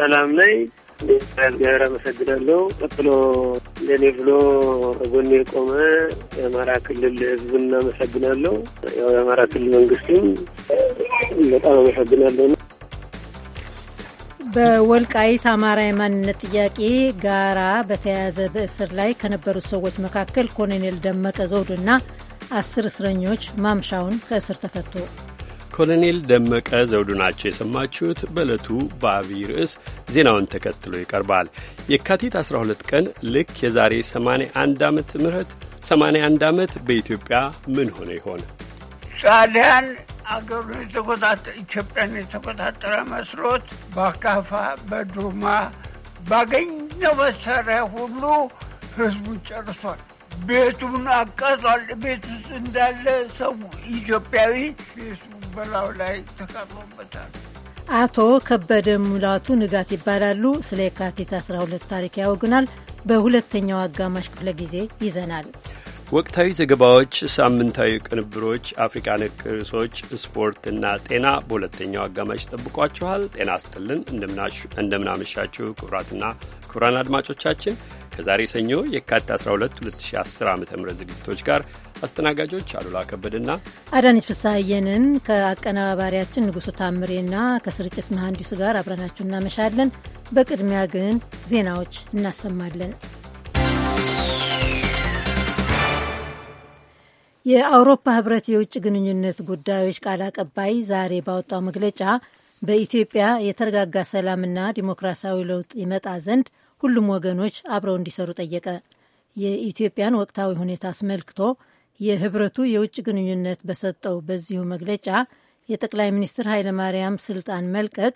ሰላም ላይ እግዚአብሔር አመሰግናለሁ። ቀጥሎ ለእኔ ብሎ ጎኔ የቆመ የአማራ ክልል ህዝብ አመሰግናለሁ። ያው የአማራ ክልል መንግስትም በጣም አመሰግናለሁ። በወልቃይት አማራ የማንነት ጥያቄ ጋራ በተያያዘ በእስር ላይ ከነበሩት ሰዎች መካከል ኮሎኔል ደመቀ ዘውዱና አስር እስረኞች ማምሻውን ከእስር ተፈቶ ኮሎኔል ደመቀ ዘውዱ ናቸው የሰማችሁት። በዕለቱ በአብይ ርዕስ ዜናውን ተከትሎ ይቀርባል። የካቲት 12 ቀን ልክ የዛሬ 81 ዓመት ምህረት 81 ዓመት በኢትዮጵያ ምን ሆነ ይሆን? ጣሊያን አገሩ ኢትዮጵያን የተቆጣጠረ መስሎት በአካፋ በዱማ ባገኘው መሳሪያ ሁሉ ህዝቡን ጨርሷል። ቤቱን አቃጥሏል። ቤት ውስጥ እንዳለ ሰው ኢትዮጵያዊ ቤቱ በላው ላይ አቶ ከበደ ሙላቱ ንጋት ይባላሉ። ስለ የካቲት 12 ታሪክ ያወግናል። በሁለተኛው አጋማሽ ክፍለ ጊዜ ይዘናል። ወቅታዊ ዘገባዎች፣ ሳምንታዊ ቅንብሮች፣ አፍሪካ ነክ ርዕሶች፣ ስፖርትና ጤና በሁለተኛው አጋማሽ ጠብቋችኋል። ጤና ስትልን እንደምናመሻችሁ ክቡራትና ክቡራን አድማጮቻችን ከዛሬ ሰኞ የካቲት 12 2010 ዓ ም ዝግጅቶች ጋር አስተናጋጆች አሉላ ከበድና አዳነች ፍስሐየንን ከአቀነባባሪያችን ንጉሱ ታምሬና ከስርጭት መሐንዲሱ ጋር አብረናችሁ እናመሻለን። በቅድሚያ ግን ዜናዎች እናሰማለን። የአውሮፓ ህብረት የውጭ ግንኙነት ጉዳዮች ቃል አቀባይ ዛሬ ባወጣው መግለጫ በኢትዮጵያ የተረጋጋ ሰላምና ዲሞክራሲያዊ ለውጥ ይመጣ ዘንድ ሁሉም ወገኖች አብረው እንዲሰሩ ጠየቀ። የኢትዮጵያን ወቅታዊ ሁኔታ አስመልክቶ የህብረቱ የውጭ ግንኙነት በሰጠው በዚሁ መግለጫ የጠቅላይ ሚኒስትር ኃይለማርያም ስልጣን መልቀቅ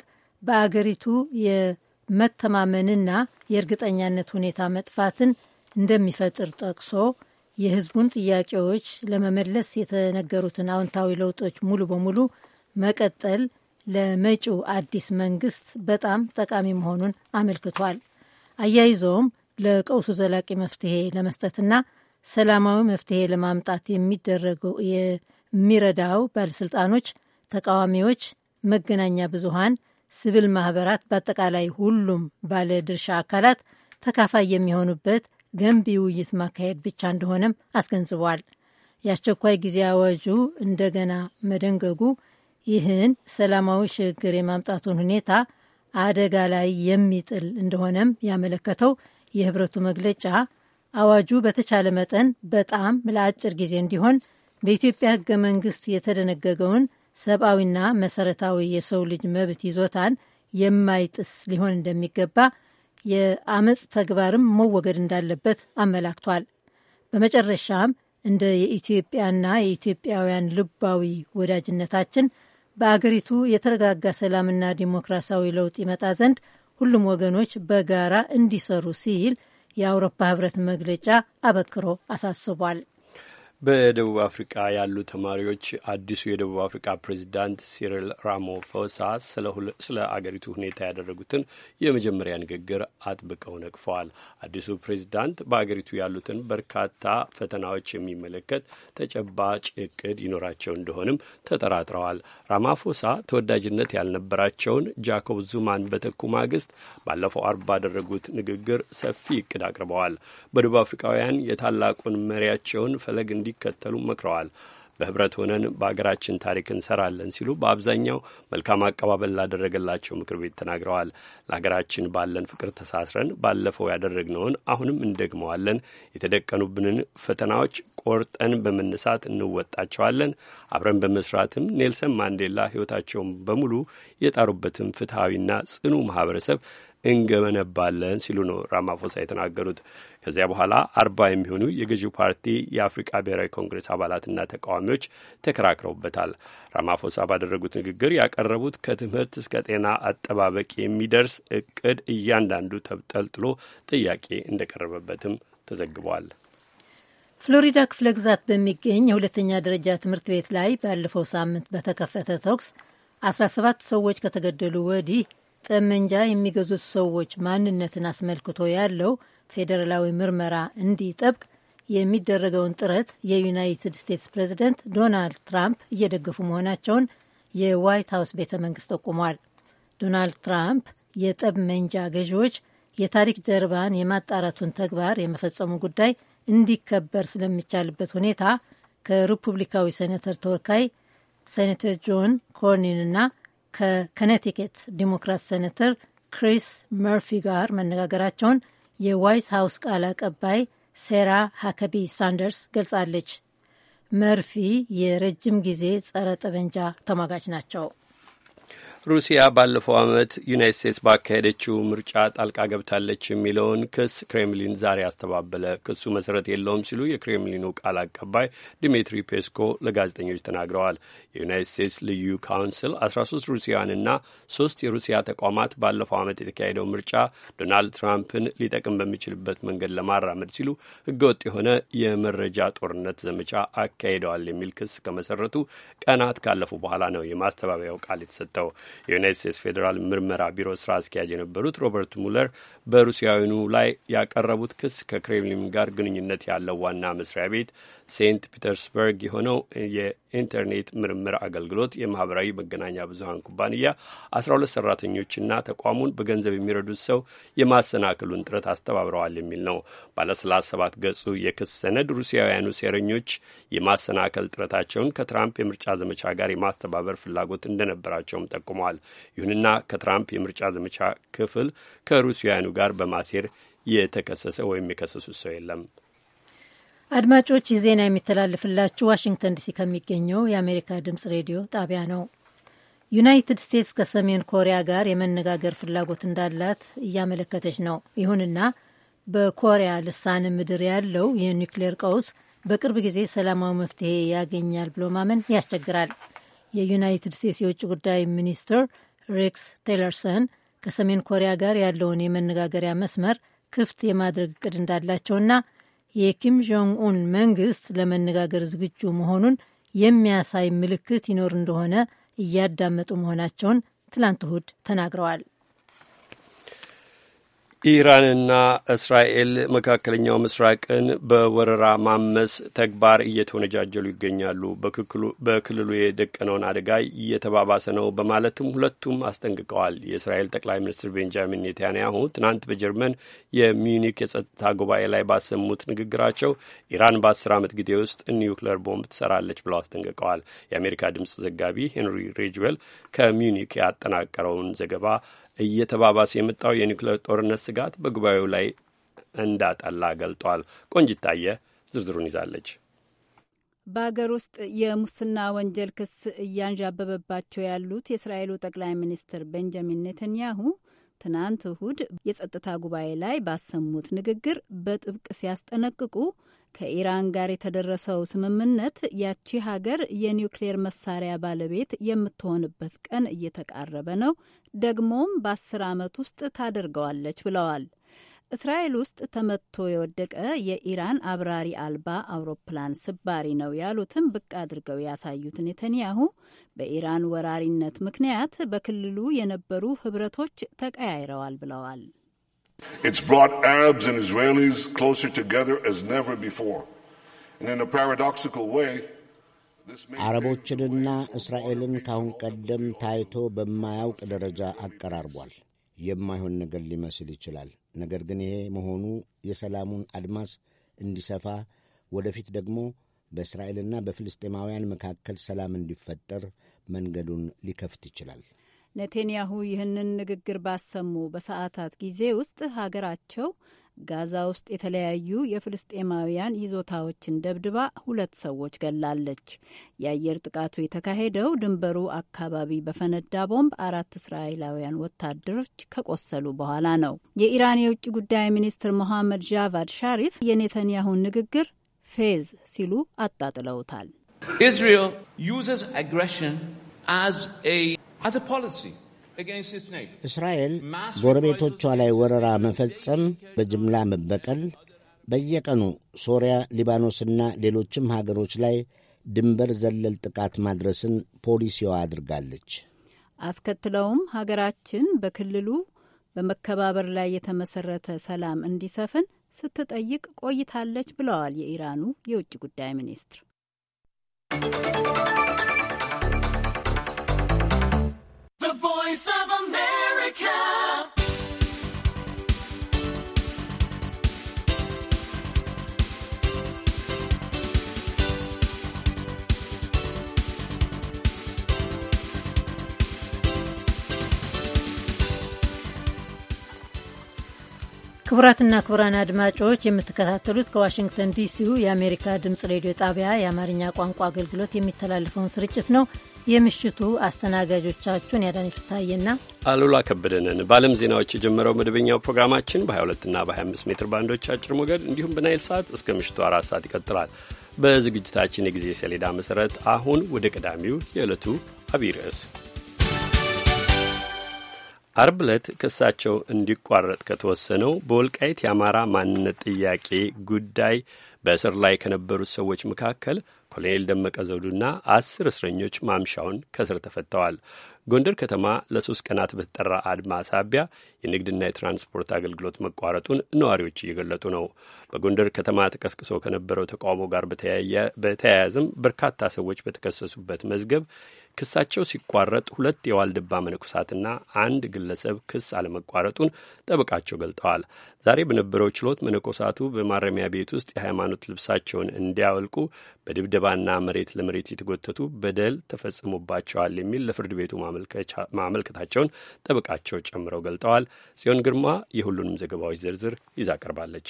በአገሪቱ የመተማመንና የእርግጠኛነት ሁኔታ መጥፋትን እንደሚፈጥር ጠቅሶ የህዝቡን ጥያቄዎች ለመመለስ የተነገሩትን አዎንታዊ ለውጦች ሙሉ በሙሉ መቀጠል ለመጪው አዲስ መንግስት በጣም ጠቃሚ መሆኑን አመልክቷል። አያይዘውም ለቀውሱ ዘላቂ መፍትሄ ለመስጠትና ሰላማዊ መፍትሄ ለማምጣት የሚደረገው የሚረዳው ባለሥልጣኖች፣ ተቃዋሚዎች፣ መገናኛ ብዙሃን፣ ሲቪል ማኅበራት፣ በአጠቃላይ ሁሉም ባለድርሻ አካላት ተካፋይ የሚሆኑበት ገንቢ ውይይት ማካሄድ ብቻ እንደሆነም አስገንዝቧል። የአስቸኳይ ጊዜ አዋጁ እንደገና መደንገጉ ይህን ሰላማዊ ሽግግር የማምጣቱን ሁኔታ አደጋ ላይ የሚጥል እንደሆነም ያመለከተው የህብረቱ መግለጫ አዋጁ በተቻለ መጠን በጣም ለአጭር ጊዜ እንዲሆን በኢትዮጵያ ህገ መንግስት የተደነገገውን ሰብአዊና መሰረታዊ የሰው ልጅ መብት ይዞታን የማይጥስ ሊሆን እንደሚገባ የአመፅ ተግባርም መወገድ እንዳለበት አመላክቷል። በመጨረሻም እንደ የኢትዮጵያና የኢትዮጵያውያን ልባዊ ወዳጅነታችን በአገሪቱ የተረጋጋ ሰላምና ዲሞክራሲያዊ ለውጥ ይመጣ ዘንድ ሁሉም ወገኖች በጋራ እንዲሰሩ ሲል የአውሮፓ ህብረት መግለጫ አበክሮ አሳስቧል። በደቡብ አፍሪቃ ያሉ ተማሪዎች አዲሱ የደቡብ አፍሪካ ፕሬዚዳንት ሲሪል ራማፎሳ ስለ አገሪቱ ሁኔታ ያደረጉትን የመጀመሪያ ንግግር አጥብቀው ነቅፈዋል። አዲሱ ፕሬዚዳንት በአገሪቱ ያሉትን በርካታ ፈተናዎች የሚመለከት ተጨባጭ እቅድ ይኖራቸው እንደሆንም ተጠራጥረዋል። ራማፎሳ ተወዳጅነት ያልነበራቸውን ጃኮብ ዙማን በተኩ ማግስት ባለፈው አርብ ባደረጉት ንግግር ሰፊ እቅድ አቅርበዋል። በደቡብ አፍሪካውያን የታላቁን መሪያቸውን ፈለግ እንዲ እንዲከተሉ መክረዋል። በህብረት ሆነን በሀገራችን ታሪክ እንሰራለን ሲሉ በአብዛኛው መልካም አቀባበል ላደረገላቸው ምክር ቤት ተናግረዋል። ለሀገራችን ባለን ፍቅር ተሳስረን ባለፈው ያደረግነውን አሁንም እንደግመዋለን። የተደቀኑብንን ፈተናዎች ቆርጠን በመነሳት እንወጣቸዋለን። አብረን በመስራትም ኔልሰን ማንዴላ ህይወታቸውን በሙሉ የጣሩበትን ፍትሐዊና ጽኑ ማህበረሰብ እንገመነባለን ሲሉ ነው ራማፎሳ የተናገሩት። ከዚያ በኋላ አርባ የሚሆኑ የገዢው ፓርቲ የአፍሪቃ ብሔራዊ ኮንግሬስ አባላትና ተቃዋሚዎች ተከራክረውበታል። ራማፎሳ ባደረጉት ንግግር ያቀረቡት ከትምህርት እስከ ጤና አጠባበቅ የሚደርስ እቅድ እያንዳንዱ ተብጠልጥሎ ጥያቄ እንደቀረበበትም ተዘግቧል። ፍሎሪዳ ክፍለ ግዛት በሚገኝ የሁለተኛ ደረጃ ትምህርት ቤት ላይ ባለፈው ሳምንት በተከፈተ ተኩስ 17 ሰዎች ከተገደሉ ወዲህ ጠመንጃ የሚገዙት ሰዎች ማንነትን አስመልክቶ ያለው ፌዴራላዊ ምርመራ እንዲጠብቅ የሚደረገውን ጥረት የዩናይትድ ስቴትስ ፕሬዚደንት ዶናልድ ትራምፕ እየደገፉ መሆናቸውን የዋይት ሀውስ ቤተ መንግስት ጠቁሟል። ዶናልድ ትራምፕ የጠመንጃ ገዢዎች የታሪክ ጀርባን የማጣራቱን ተግባር የመፈጸሙ ጉዳይ እንዲከበር ስለሚቻልበት ሁኔታ ከሪፑብሊካዊ ሴኔተር ተወካይ ሴኔተር ጆን ኮርኒንና ከኮነቲኬት ዲሞክራት ሴኔተር ክሪስ መርፊ ጋር መነጋገራቸውን የዋይት ሀውስ ቃል አቀባይ ሴራ ሀከቢ ሳንደርስ ገልጻለች። መርፊ የረጅም ጊዜ ጸረ ጠመንጃ ተሟጋች ናቸው። ሩሲያ ባለፈው ዓመት ዩናይት ስቴትስ ባካሄደችው ምርጫ ጣልቃ ገብታለች የሚለውን ክስ ክሬምሊን ዛሬ አስተባበለ። ክሱ መሰረት የለውም ሲሉ የክሬምሊኑ ቃል አቀባይ ዲሚትሪ ፔስኮ ለጋዜጠኞች ተናግረዋል። የዩናይት ስቴትስ ልዩ ካውንስል 13 ሩሲያንና ሶስት የሩሲያ ተቋማት ባለፈው ዓመት የተካሄደው ምርጫ ዶናልድ ትራምፕን ሊጠቅም በሚችልበት መንገድ ለማራመድ ሲሉ ህገወጥ የሆነ የመረጃ ጦርነት ዘመቻ አካሂደዋል የሚል ክስ ከመሰረቱ ቀናት ካለፉ በኋላ ነው የማስተባበያው ቃል የተሰጠው። የዩናይት ስቴትስ ፌዴራል ምርመራ ቢሮ ስራ አስኪያጅ የነበሩት ሮበርት ሙለር በሩሲያውያኑ ላይ ያቀረቡት ክስ ከክሬምሊን ጋር ግንኙነት ያለው ዋና መስሪያ ቤት ሴንት ፒተርስበርግ የሆነው የኢንተርኔት ምርምር አገልግሎት የማህበራዊ መገናኛ ብዙሀን ኩባንያ አስራ ሁለት ሰራተኞችና ተቋሙን በገንዘብ የሚረዱት ሰው የማሰናክሉን ጥረት አስተባብረዋል የሚል ነው። ባለ ሰላሳ ሰባት ገጹ የክስ ሰነድ ሩሲያውያኑ ሴረኞች የማሰናከል ጥረታቸውን ከትራምፕ የምርጫ ዘመቻ ጋር የማስተባበር ፍላጎት እንደነበራቸውም ጠቁመዋል። ይሁንና ከትራምፕ የምርጫ ዘመቻ ክፍል ከሩሲያውያኑ ጋር በማሴር የተከሰሰ ወይም የከሰሱት ሰው የለም። አድማጮች ዜና የሚተላለፍላችሁ ዋሽንግተን ዲሲ ከሚገኘው የአሜሪካ ድምጽ ሬዲዮ ጣቢያ ነው። ዩናይትድ ስቴትስ ከሰሜን ኮሪያ ጋር የመነጋገር ፍላጎት እንዳላት እያመለከተች ነው። ይሁንና በኮሪያ ልሳነ ምድር ያለው የኒውክሌር ቀውስ በቅርብ ጊዜ ሰላማዊ መፍትሄ ያገኛል ብሎ ማመን ያስቸግራል። የዩናይትድ ስቴትስ የውጭ ጉዳይ ሚኒስትር ሬክስ ቴለርሰን ከሰሜን ኮሪያ ጋር ያለውን የመነጋገሪያ መስመር ክፍት የማድረግ እቅድ እንዳላቸውና የኪም ጆንግ ኡን መንግስት ለመነጋገር ዝግጁ መሆኑን የሚያሳይ ምልክት ይኖር እንደሆነ እያዳመጡ መሆናቸውን ትላንት እሁድ ተናግረዋል። ኢራንና እስራኤል መካከለኛው ምስራቅን በወረራ ማመስ ተግባር እየተወነጃጀሉ ይገኛሉ። በክልሉ የደቀነውን አደጋ እየተባባሰ ነው በማለትም ሁለቱም አስጠንቅቀዋል። የእስራኤል ጠቅላይ ሚኒስትር ቤንጃሚን ኔታንያሁ ትናንት በጀርመን የሚዩኒክ የጸጥታ ጉባኤ ላይ ባሰሙት ንግግራቸው ኢራን በአስር ዓመት ጊዜ ውስጥ ኒውክሌር ቦምብ ትሰራለች ብለው አስጠንቅቀዋል። የአሜሪካ ድምጽ ዘጋቢ ሄንሪ ሬጅዌል ከሚዩኒክ ያጠናቀረውን ዘገባ እየተባባሰ የመጣው የኒውክሌር ጦርነት ስጋት በጉባኤው ላይ እንዳጠላ ገልጧል። ቆንጅታየ ዝርዝሩን ይዛለች። በሀገር ውስጥ የሙስና ወንጀል ክስ እያንዣበበባቸው ያሉት የእስራኤሉ ጠቅላይ ሚኒስትር ቤንጃሚን ኔተንያሁ ትናንት እሁድ የጸጥታ ጉባኤ ላይ ባሰሙት ንግግር በጥብቅ ሲያስጠነቅቁ ከኢራን ጋር የተደረሰው ስምምነት ያቺ ሀገር የኒውክሌር መሳሪያ ባለቤት የምትሆንበት ቀን እየተቃረበ ነው፣ ደግሞም በአስር ዓመት ውስጥ ታደርገዋለች ብለዋል። እስራኤል ውስጥ ተመቶ የወደቀ የኢራን አብራሪ አልባ አውሮፕላን ስባሪ ነው ያሉትን ብቅ አድርገው ያሳዩት ኔተንያሁ በኢራን ወራሪነት ምክንያት በክልሉ የነበሩ ህብረቶች ተቀያይረዋል ብለዋል። It's brought Arabs and Israelis closer together as never before. And in a paradoxical way, አረቦችንና እስራኤልን ካሁን ቀደም ታይቶ በማያውቅ ደረጃ አቀራርቧል። የማይሆን ነገር ሊመስል ይችላል። ነገር ግን ይሄ መሆኑ የሰላሙን አድማስ እንዲሰፋ፣ ወደፊት ደግሞ በእስራኤልና በፍልስጤማውያን መካከል ሰላም እንዲፈጠር መንገዱን ሊከፍት ይችላል። ኔቴንያሁ ይህንን ንግግር ባሰሙ በሰዓታት ጊዜ ውስጥ ሀገራቸው ጋዛ ውስጥ የተለያዩ የፍልስጤማውያን ይዞታዎችን ደብድባ ሁለት ሰዎች ገላለች። የአየር ጥቃቱ የተካሄደው ድንበሩ አካባቢ በፈነዳ ቦምብ አራት እስራኤላውያን ወታደሮች ከቆሰሉ በኋላ ነው። የኢራን የውጭ ጉዳይ ሚኒስትር ሞሐመድ ጃቫድ ሻሪፍ የኔተንያሁን ንግግር ፌዝ ሲሉ አጣጥለውታል። እስራኤል ጎረቤቶቿ ላይ ወረራ መፈጸም፣ በጅምላ መበቀል፣ በየቀኑ ሶሪያ፣ ሊባኖስና ሌሎችም ሀገሮች ላይ ድንበር ዘለል ጥቃት ማድረስን ፖሊሲዋ አድርጋለች። አስከትለውም ሀገራችን በክልሉ በመከባበር ላይ የተመሰረተ ሰላም እንዲሰፍን ስትጠይቅ ቆይታለች ብለዋል የኢራኑ የውጭ ጉዳይ ሚኒስትር። voice of America. ክቡራትና ክቡራን አድማጮች የምትከታተሉት ከዋሽንግተን ዲሲው የአሜሪካ ድምፅ ሬዲዮ ጣቢያ የአማርኛ ቋንቋ አገልግሎት የሚተላለፈውን ስርጭት ነው። የምሽቱ አስተናጋጆቻችሁን ያዳነች ፍሳዬና አሉላ ከበደንን በዓለም ዜናዎች የጀመረው መደበኛው ፕሮግራማችን በ22ና በ25 ሜትር ባንዶች አጭር ሞገድ እንዲሁም በናይል ሰዓት እስከ ምሽቱ አራት ሰዓት ይቀጥላል። በዝግጅታችን የጊዜ ሰሌዳ መሠረት አሁን ወደ ቀዳሚው የዕለቱ አብይ ርዕስ አርብ ዕለት ክሳቸው እንዲቋረጥ ከተወሰነው በወልቃይት የአማራ ማንነት ጥያቄ ጉዳይ በእስር ላይ ከነበሩት ሰዎች መካከል ኮሎኔል ደመቀ ዘውዱና አስር እስረኞች ማምሻውን ከእስር ተፈተዋል። ጎንደር ከተማ ለሶስት ቀናት በተጠራ አድማ ሳቢያ የንግድና የትራንስፖርት አገልግሎት መቋረጡን ነዋሪዎች እየገለጡ ነው። በጎንደር ከተማ ተቀስቅሶ ከነበረው ተቃውሞ ጋር በተያያዘም በርካታ ሰዎች በተከሰሱበት መዝገብ ክሳቸው ሲቋረጥ ሁለት የዋልድባ መነኮሳትና አንድ ግለሰብ ክስ አለመቋረጡን ጠበቃቸው ገልጠዋል። ዛሬ በነበረው ችሎት መነኮሳቱ በማረሚያ ቤት ውስጥ የሃይማኖት ልብሳቸውን እንዲያወልቁ በድብደባና መሬት ለመሬት የተጎተቱ በደል ተፈጽሞባቸዋል የሚል ለፍርድ ቤቱ ማመልከታቸውን ጠበቃቸው ጨምረው ገልጠዋል። ጽዮን ግርማ የሁሉንም ዘገባዎች ዝርዝር ይዛ ቀርባለች።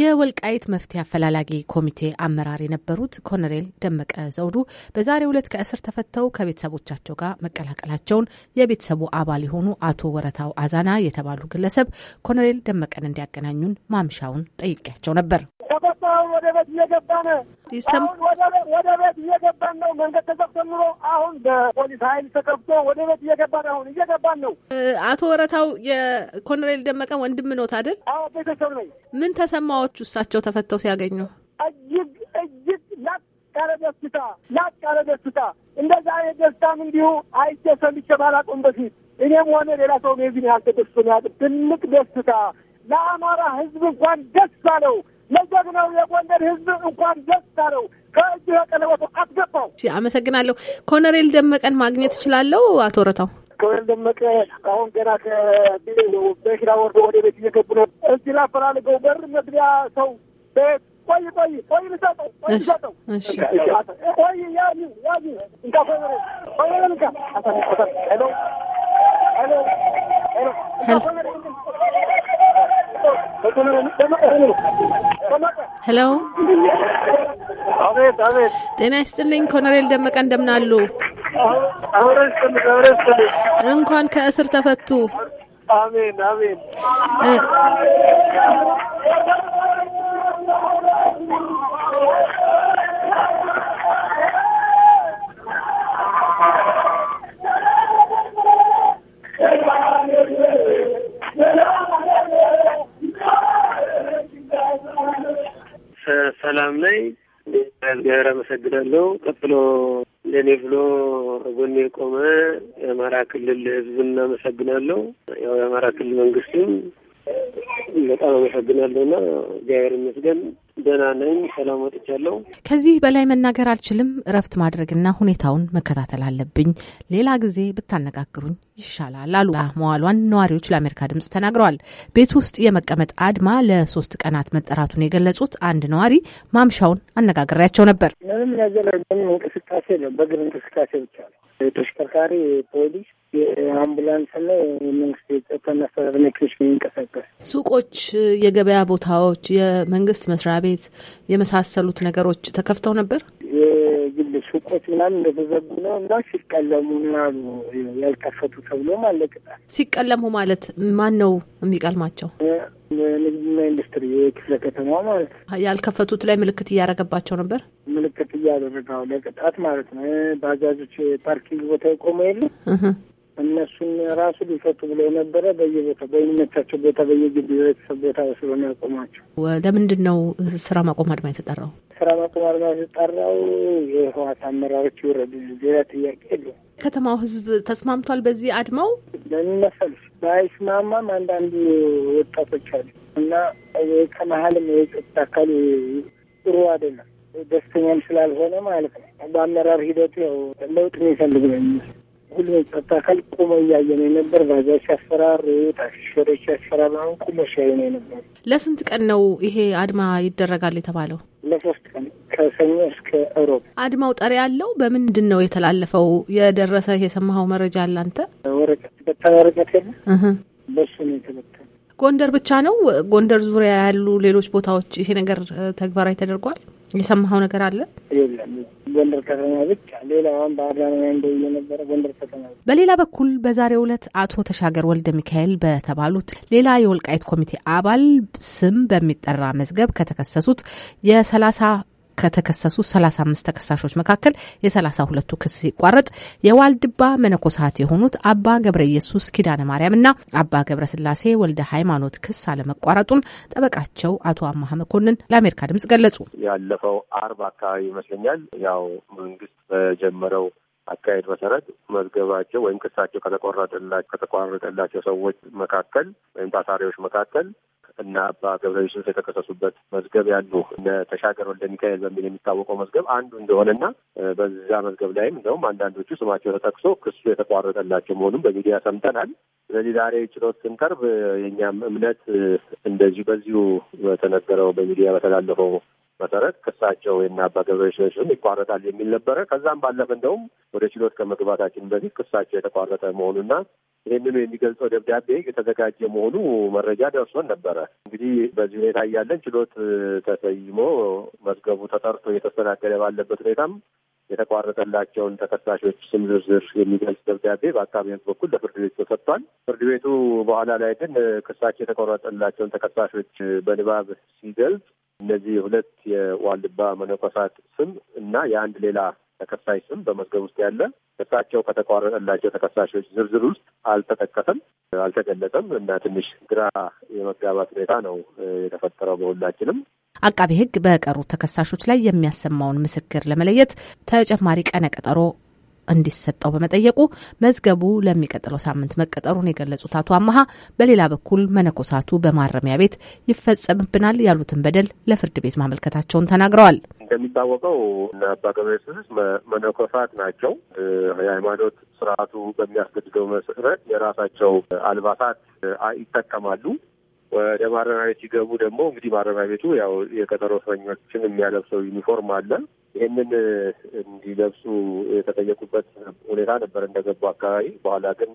የወልቃይት መፍትሄ አፈላላጊ ኮሚቴ አመራር የነበሩት ኮሎኔል ደመቀ ዘውዱ በዛሬው ዕለት ከእስር ተፈተው ከቤተሰቦቻቸው ጋር መቀላቀላቸውን የቤተሰቡ አባል የሆኑ አቶ ወረታው አዛና የተባሉ ግለሰብ ኮሎኔል ደመቀን እንዲያገናኙን ማምሻውን ጠይቄያቸው ነበር። ተፈታው ወደ ቤት እየገባን ወደ ቤት እየገባን ነው። መንገድ ተዘግቶ ኑሮ አሁን በፖሊስ ኃይል ተከብቶ ወደ ቤት እየገባን አሁን እየገባን ነው። አቶ ወረታው የኮሎኔል ደመቀ ወንድም ኖት አይደል? አዎ ቤተሰብ ነኝ። ምን ተሰማ ጫናዎቹ እሳቸው ተፈተው ሲያገኙ? እጅግ እጅግ ላቅ ያለ ደስታ ላቅ ያለ ደስታ። እንደዛ አይነት ደስታም እንዲሁ አይቼ ሰምቼ ባላውቅም በፊት እኔም ሆነ ሌላ ሰው የዚህን ያህል ተደስቶ ያውቅ ትልቅ ደስታ ለአማራ ህዝብ እንኳን ደስ አለው። ለጀግናው የጎንደር ህዝብ እንኳን ደስ አለው። ከእጅ ቀለበቱ አስገባው። አመሰግናለሁ። ኮሎኔል ደመቀን ማግኘት እችላለሁ? አቶ ረታው ክብረን ደመቀ አሁን ገና በሽራ ወርዶ ወደ ቤት እየገቡ ነው። እዚህ ላፈላልገው በር መግቢያ ሰው ቤት ቆይ ቆይ ቆይ ልሰጠው ቆይ ልሰጠው ቆይ ሄሎ አቤት አቤት ጤና ይስጥልኝ ኮሎኔል ደመቀ እንደምን አሉ? እንኳን ከእስር ተፈቱ። አሜን አሜን። ሰላም ላይ እግዚአብሔር አመሰግናለሁ። ቀጥሎ ለእኔ ብሎ ጎኔ የቆመ የአማራ ክልል ህዝብን እናመሰግናለሁ። ያው የአማራ ክልል መንግስትም በጣም አመሰግናለሁና እግዚአብሔር ይመስገን። ደህና ነኝ። ሰላም ወጥቻለሁ። ከዚህ በላይ መናገር አልችልም። እረፍት ማድረግና ሁኔታውን መከታተል አለብኝ። ሌላ ጊዜ ብታነጋግሩኝ ይሻላል አሉ መዋሏን ነዋሪዎች ለአሜሪካ ድምጽ ተናግረዋል። ቤት ውስጥ የመቀመጥ አድማ ለሶስት ቀናት መጠራቱን የገለጹት አንድ ነዋሪ ማምሻውን አነጋግሬያቸው ነበር። ምንም ነገር እንቅስቃሴ ነው፣ በእግር እንቅስቃሴ ብቻ ነው ተሽከርካሪ ፖሊስ፣ የአምቡላንስ እና የመንግስት የጸጥታና አስተዳደር መኪኖች የሚንቀሳቀስ ሱቆች፣ የገበያ ቦታዎች፣ የመንግስት መስሪያ ቤት የመሳሰሉት ነገሮች ተከፍተው ነበር። ሱቆች ምናምን እንደተዘጉ ነው እና ሲቀለሙ አሉ ያልከፈቱ ተብሎ ማለት ነው። ሲቀለሙ ማለት ማን ነው የሚቀልማቸው? ንግድና ኢንዱስትሪ የክፍለ ከተማ ማለት ነው። ያልከፈቱት ላይ ምልክት እያደረገባቸው ነበር። ምልክት እያደረገው ለቅጣት ማለት ነው። ባጃጆች ፓርኪንግ ቦታ የቆመ የለ እነሱን ራሱ ሊፈቱ ብለው ነበረ። በየቦታ በሚመቻቸው ቦታ በየግቢ ቤተሰብ ቦታ ስለሆነ ያቆማቸው። ለምንድን ነው ስራ ማቆም አድማ የተጠራው? ስራ ማቆም አድማ የተጠራው የህወሓት አመራሮች ይውረዱ፣ ሌላ ጥያቄ የለውም። ከተማው ህዝብ ተስማምቷል በዚህ አድማው ለሚመሰል ባይስማማም አንዳንድ ወጣቶች አሉ እና ከመሀልም የጸጥታ አካሉ ጥሩ አይደለም፣ ደስተኛም ስላልሆነ ማለት ነው። በአመራር ሂደቱ ያው ለውጥ የሚፈልግ ነው የሚመስል ጉልህ የጸጥታ አካል ቁመው እያየነኝ ነበር። ባጃጅ ሲያስፈራር፣ ታክሲ ሾፌሮች ሲያስፈራሩ፣ አሁን ቁመው ሲያዩነኝ ነበር። ለስንት ቀን ነው ይሄ አድማ ይደረጋል የተባለው? ለሶስት ቀን ከሰኞ እስከ እሮብ። አድማው ጠሪ ያለው በምንድን ነው የተላለፈው? የደረሰ የሰማኸው መረጃ አለ አንተ? ወረቀት በታ ወረቀት የለ በሱ ነው የተበተነ። ጎንደር ብቻ ነው? ጎንደር ዙሪያ ያሉ ሌሎች ቦታዎች ይሄ ነገር ተግባራዊ ተደርጓል? የሰማኸው ነገር አለ? የለም ጎንደር ከተማ ብቻ። ሌላውን በአዳማ እንደው የነበረ ጎንደር ከተማ። በሌላ በኩል በዛሬው ዕለት አቶ ተሻገር ወልደ ሚካኤል በተባሉት ሌላ የወልቃይት ኮሚቴ አባል ስም በሚጠራ መዝገብ ከተከሰሱት የሰላሳ ከተከሰሱ 35 ተከሳሾች መካከል የ32ቱ ክስ ሲቋረጥ የዋልድባ መነኮሳት የሆኑት አባ ገብረ ኢየሱስ ኪዳነ ማርያም እና አባ ገብረ ስላሴ ወልደ ሃይማኖት ክስ አለመቋረጡን ጠበቃቸው አቶ አማሀ መኮንን ለአሜሪካ ድምጽ ገለጹ። ያለፈው አርብ አካባቢ ይመስለኛል ያው መንግስት በጀመረው አካሄድ መሰረት መዝገባቸው ወይም ክሳቸው ከተቆረጠላቸው ከተቋረጠላቸው ሰዎች መካከል ወይም ታሳሪዎች መካከል እና አባ ገብረ የተከሰሱበት መዝገብ ያሉ እነ ተሻገር ወልደ ሚካኤል በሚል የሚታወቀው መዝገብ አንዱ እንደሆነና በዛ መዝገብ ላይም እንደውም አንዳንዶቹ ስማቸው ተጠቅሶ ክሱ የተቋረጠላቸው መሆኑን በሚዲያ ሰምተናል። ስለዚህ ዛሬ ችሎት ስንቀርብ የእኛም እምነት እንደዚሁ በዚሁ በተነገረው በሚዲያ በተላለፈው መሰረት ክሳቸው የእነ አባ ገብረ ይቋረጣል የሚል ነበረ። ከዛም ባለፈ እንደውም ወደ ችሎት ከመግባታችን በፊት ክሳቸው የተቋረጠ መሆኑና ይህንኑ የሚገልጸው ደብዳቤ የተዘጋጀ መሆኑ መረጃ ደርሶን ነበረ። እንግዲህ በዚህ ሁኔታ እያለን ችሎት ተሰይሞ መዝገቡ ተጠርቶ እየተስተናገደ ባለበት ሁኔታም የተቋረጠላቸውን ተከሳሾች ስም ዝርዝር የሚገልጽ ደብዳቤ በአቃቤ በኩል ለፍርድ ቤት ተሰጥቷል። ፍርድ ቤቱ በኋላ ላይ ግን ክሳቸው የተቋረጠላቸውን ተከሳሾች በንባብ ሲገልጽ እነዚህ ሁለት የዋልድባ መነኮሳት ስም እና የአንድ ሌላ ተከሳሽ ስም በመዝገብ ውስጥ ያለ እሳቸው ከተቋረጠላቸው ተከሳሾች ዝርዝር ውስጥ አልተጠቀሰም፣ አልተገለጸም እና ትንሽ ግራ የመጋባት ሁኔታ ነው የተፈጠረው በሁላችንም። አቃቤ ሕግ በቀሩት ተከሳሾች ላይ የሚያሰማውን ምስክር ለመለየት ተጨማሪ ቀነ ቀጠሮ እንዲሰጠው በመጠየቁ መዝገቡ ለሚቀጥለው ሳምንት መቀጠሩን የገለጹት አቶ አመሀ በሌላ በኩል መነኮሳቱ በማረሚያ ቤት ይፈጸምብናል ያሉትን በደል ለፍርድ ቤት ማመልከታቸውን ተናግረዋል። እንደሚታወቀው እነ አባ መነኮሳት ናቸው። የሃይማኖት ስርዓቱ በሚያስገድደው መሰረት የራሳቸው አልባሳት ይጠቀማሉ። ወደ ማረሚያ ቤት ሲገቡ ደግሞ እንግዲህ ማረሚያ ቤቱ ያው የቀጠሮ እስረኞችን የሚያለብሰው ዩኒፎርም አለ። ይህንን እንዲለብሱ የተጠየቁበት ሁኔታ ነበር እንደገቡ አካባቢ። በኋላ ግን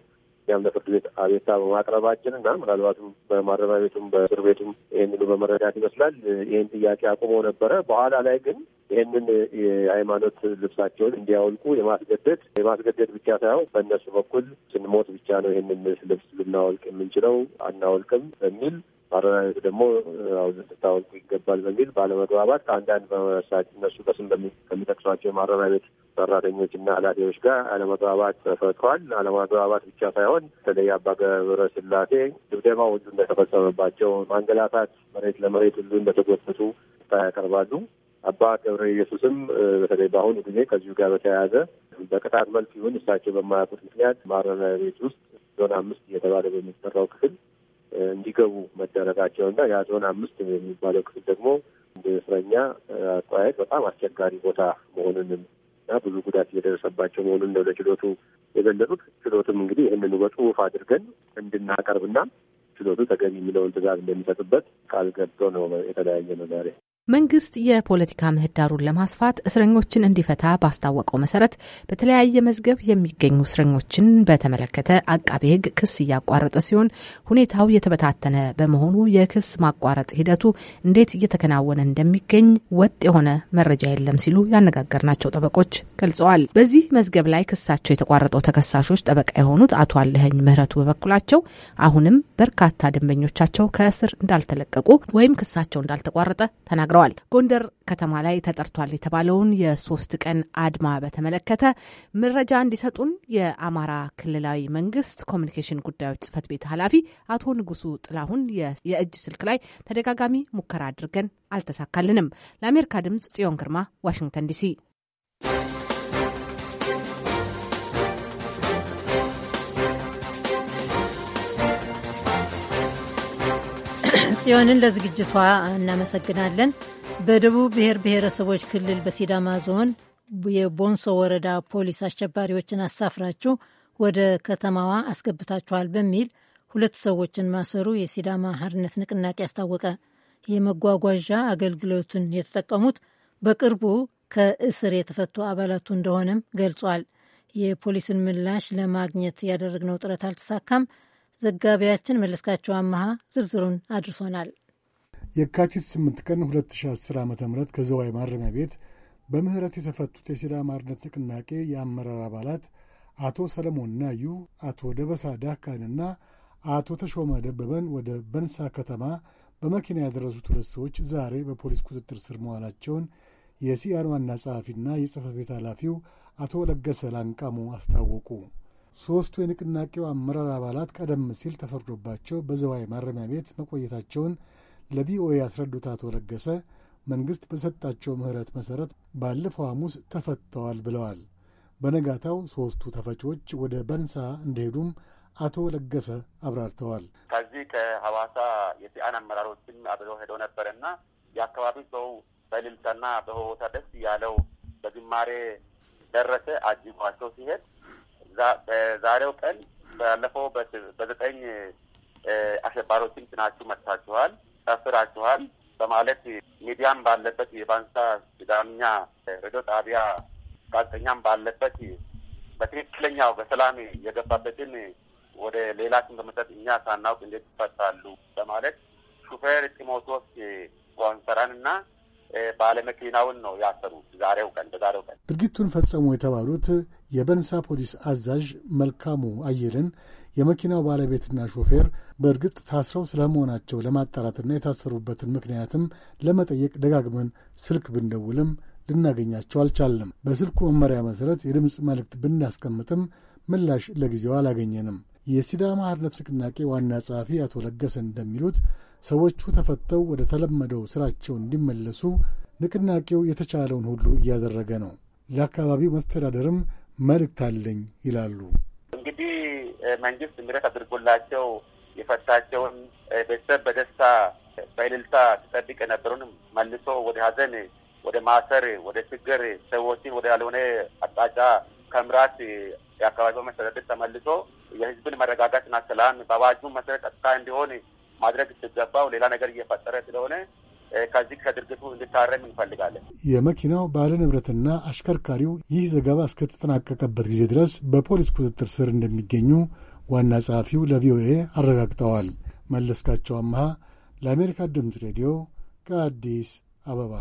ያም ለፍርድ ቤት አቤታ በማቅረባችን እና ምናልባትም በማረሚያ ቤቱም በእስር ቤቱም ይህንኑ በመረዳት ይመስላል ይህን ጥያቄ አቁመው ነበረ። በኋላ ላይ ግን ይህንን የሃይማኖት ልብሳቸውን እንዲያወልቁ የማስገደድ የማስገደድ ብቻ ሳይሆን በእነሱ በኩል ስንሞት ብቻ ነው ይህንን ልብስ ልናወልቅ የምንችለው፣ አናወልቅም በሚል ማረሚያ ቤት ደግሞ ልታወልቁ ይገባል በሚል ባለመግባባት አንዳንድ በመሳጭ እነሱ በስም ከሚጠቅሷቸው የማረሚያ ቤት ሰራተኞችና ኃላፊዎች ጋር አለመግባባት ተፈጥሯል። አለመግባባት ብቻ ሳይሆን በተለይ አባ ገብረ ስላሴ ድብደባ ሁሉ እንደተፈጸመባቸው፣ ማንገላታት መሬት ለመሬት ሁሉ እንደተጎተቱ ያቀርባሉ። አባ ገብረ ኢየሱስም በተለይ በአሁኑ ጊዜ ከዚሁ ጋር በተያያዘ በቅጣት መልክ ይሁን እሳቸው በማያውቁት ምክንያት ማረሚያ ቤት ውስጥ ዞን አምስት እየተባለ በሚጠራው ክፍል እንዲገቡ መደረጋቸው እና ያ ዞን አምስት የሚባለው ክፍል ደግሞ እንደ እስረኛ አጠያየቅ በጣም አስቸጋሪ ቦታ መሆኑንም እና ብዙ ጉዳት እየደረሰባቸው መሆኑን ነው ለችሎቱ የገለጹት። ችሎቱም እንግዲህ ይህንኑ በጽሁፍ አድርገን እንድናቀርብና ችሎቱ ተገቢ የሚለውን ትዕዛዝ እንደሚሰጥበት ቃል ገብቶ ነው የተለያየ ነው ዛሬ መንግስት የፖለቲካ ምህዳሩን ለማስፋት እስረኞችን እንዲፈታ ባስታወቀው መሰረት በተለያየ መዝገብ የሚገኙ እስረኞችን በተመለከተ አቃቤ ሕግ ክስ እያቋረጠ ሲሆን ሁኔታው የተበታተነ በመሆኑ የክስ ማቋረጥ ሂደቱ እንዴት እየተከናወነ እንደሚገኝ ወጥ የሆነ መረጃ የለም ሲሉ ያነጋገርናቸው ጠበቆች ገልጸዋል። በዚህ መዝገብ ላይ ክሳቸው የተቋረጠው ተከሳሾች ጠበቃ የሆኑት አቶ አለኸኝ ምህረቱ በበኩላቸው አሁንም በርካታ ደንበኞቻቸው ከእስር እንዳልተለቀቁ ወይም ክሳቸው እንዳልተቋረጠ ተናግረዋል። ተናግረዋል። ጎንደር ከተማ ላይ ተጠርቷል የተባለውን የሶስት ቀን አድማ በተመለከተ መረጃ እንዲሰጡን የአማራ ክልላዊ መንግስት ኮሚኒኬሽን ጉዳዮች ጽህፈት ቤት ኃላፊ አቶ ንጉሱ ጥላሁን የእጅ ስልክ ላይ ተደጋጋሚ ሙከራ አድርገን አልተሳካልንም። ለአሜሪካ ድምጽ ጽዮን ግርማ ዋሽንግተን ዲሲ ጽዮንን ለዝግጅቷ እናመሰግናለን። በደቡብ ብሔር ብሔረሰቦች ክልል በሲዳማ ዞን የቦንሶ ወረዳ ፖሊስ አሸባሪዎችን አሳፍራችሁ ወደ ከተማዋ አስገብታችኋል በሚል ሁለት ሰዎችን ማሰሩ የሲዳማ ሀርነት ንቅናቄ አስታወቀ። የመጓጓዣ አገልግሎቱን የተጠቀሙት በቅርቡ ከእስር የተፈቱ አባላቱ እንደሆነም ገልጿል። የፖሊስን ምላሽ ለማግኘት ያደረግነው ጥረት አልተሳካም። ዘጋቢያችን መለስካቸው አመሃ ዝርዝሩን አድርሶናል። የካቲት 8 ቀን 2010 ዓ ም ከዘዋይ ማረሚያ ቤት በምህረት የተፈቱት የሲዳማ አርነት ንቅናቄ የአመራር አባላት አቶ ሰለሞን ናዩ፣ አቶ ደበሳ ዳካንና አቶ ተሾመ ደበበን ወደ በንሳ ከተማ በመኪና ያደረሱት ሁለት ሰዎች ዛሬ በፖሊስ ቁጥጥር ስር መዋላቸውን የሲአር ዋና ጸሐፊና የጽህፈት ቤት ኃላፊው አቶ ለገሰ ላንቃሞ አስታወቁ። ሦስቱ የንቅናቄው አመራር አባላት ቀደም ሲል ተፈርዶባቸው በዘዋይ ማረሚያ ቤት መቆየታቸውን ለቪኦኤ ያስረዱት አቶ ለገሰ መንግሥት በሰጣቸው ምሕረት መሠረት ባለፈው ሐሙስ ተፈተዋል ብለዋል። በነጋታው ሦስቱ ተፈቺዎች ወደ በንሳ እንደሄዱም አቶ ለገሰ አብራርተዋል። ከዚህ ከሐዋሳ የሲአን አመራሮችም አብረው ሄደው ነበረና የአካባቢው ሰው በልልተና በሆታ ደስ ያለው በዝማሬ ደረሰ አጅቧቸው ሲሄድ በዛሬው ቀን ባለፈው በዘጠኝ አሸባሪዎችን ጭናችሁ መጥታችኋል፣ ጠፍራችኋል በማለት ሚዲያም ባለበት የባንሳ ሲዳምኛ ሬዲዮ ጣቢያ ጋዜጠኛም ባለበት በትክክለኛው በሰላም የገባበትን ወደ ሌላችን በመሰጥ እኛ ሳናውቅ እንዴት ይፈታሉ በማለት ሹፌር ጢሞቶስ ጓንሰራን እና ባለመኪናውን ነው ያሰሩት። ዛሬው ቀን በዛሬው ቀን ድርጊቱን ፈጸሙ የተባሉት የበንሳ ፖሊስ አዛዥ መልካሙ አየልን የመኪናው ባለቤትና ሾፌር በእርግጥ ታስረው ስለመሆናቸው ለማጣራትና የታሰሩበትን ምክንያትም ለመጠየቅ ደጋግመን ስልክ ብንደውልም ልናገኛቸው አልቻልንም። በስልኩ መመሪያ መሠረት የድምፅ መልእክት ብናስቀምጥም ምላሽ ለጊዜው አላገኘንም። የሲዳማ አርነት ንቅናቄ ዋና ጸሐፊ አቶ ለገሰ እንደሚሉት ሰዎቹ ተፈተው ወደ ተለመደው ሥራቸው እንዲመለሱ ንቅናቄው የተቻለውን ሁሉ እያደረገ ነው። ለአካባቢው መስተዳደርም መልእክት አለኝ ይላሉ። እንግዲህ መንግስት ምህረት አድርጎላቸው የፈታቸውን ቤተሰብ በደስታ በእልልታ ሲጠብቅ የነበሩን መልሶ ወደ ሀዘን፣ ወደ ማሰር፣ ወደ ችግር ሰዎችን ወደ ያልሆነ አቅጣጫ ከምራት የአካባቢው መስተዳደር ተመልሶ የህዝብን መረጋጋትና ሰላም በአዋጁ መሰረት ጸጥታ እንዲሆን ማድረግ ሲገባው ሌላ ነገር እየፈጠረ ስለሆነ ከዚህ ከድርጊቱ እንድታረም እንፈልጋለን። የመኪናው ባለንብረትና አሽከርካሪው ይህ ዘገባ እስከተጠናቀቀበት ጊዜ ድረስ በፖሊስ ቁጥጥር ስር እንደሚገኙ ዋና ጸሐፊው ለቪኦኤ አረጋግጠዋል። መለስካቸው አምሃ ለአሜሪካ ድምፅ ሬዲዮ ከአዲስ አበባ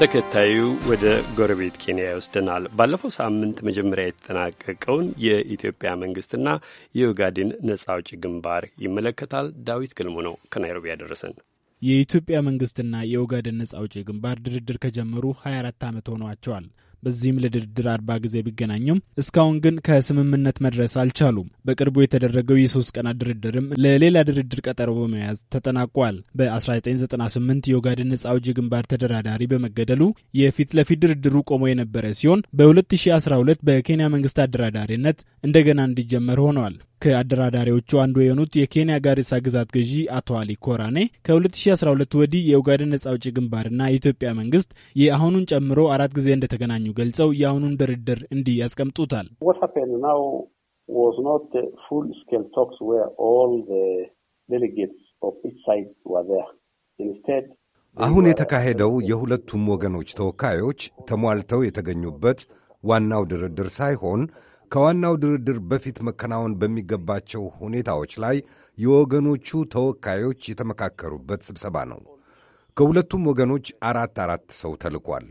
ተከታዩ ወደ ጎረቤት ኬንያ ይወስደናል። ባለፈው ሳምንት መጀመሪያ የተጠናቀቀውን የኢትዮጵያ መንግስትና የኦጋዴን ነጻ አውጪ ግንባር ይመለከታል። ዳዊት ግልሙ ነው ከናይሮቢ ያደረሰን። የኢትዮጵያ መንግስትና የኦጋዴን ነጻ አውጪ ግንባር ድርድር ከጀመሩ 24 ዓመት ሆኗቸዋል። በዚህም ለድርድር አርባ ጊዜ ቢገናኙም እስካሁን ግን ከስምምነት መድረስ አልቻሉም። በቅርቡ የተደረገው የሶስት ቀናት ድርድርም ለሌላ ድርድር ቀጠሮ በመያዝ ተጠናቋል። በ1998 የኦጋዴን ነጻ አውጪ ግንባር ተደራዳሪ በመገደሉ የፊት ለፊት ድርድሩ ቆሞ የነበረ ሲሆን በ2012 በኬንያ መንግስት አደራዳሪነት እንደገና እንዲጀመር ሆነዋል። ከአደራዳሪዎቹ አንዱ የሆኑት የኬንያ ጋሪሳ ግዛት ገዢ አቶ አሊ ኮራኔ ከ2012 ወዲህ የኡጋዴን ነጻ አውጪ ግንባርና የኢትዮጵያ መንግስት የአሁኑን ጨምሮ አራት ጊዜ እንደተገናኙ ገልጸው የአሁኑን ድርድር እንዲህ ያስቀምጡታል። አሁን የተካሄደው የሁለቱም ወገኖች ተወካዮች ተሟልተው የተገኙበት ዋናው ድርድር ሳይሆን ከዋናው ድርድር በፊት መከናወን በሚገባቸው ሁኔታዎች ላይ የወገኖቹ ተወካዮች የተመካከሩበት ስብሰባ ነው። ከሁለቱም ወገኖች አራት አራት ሰው ተልኳል።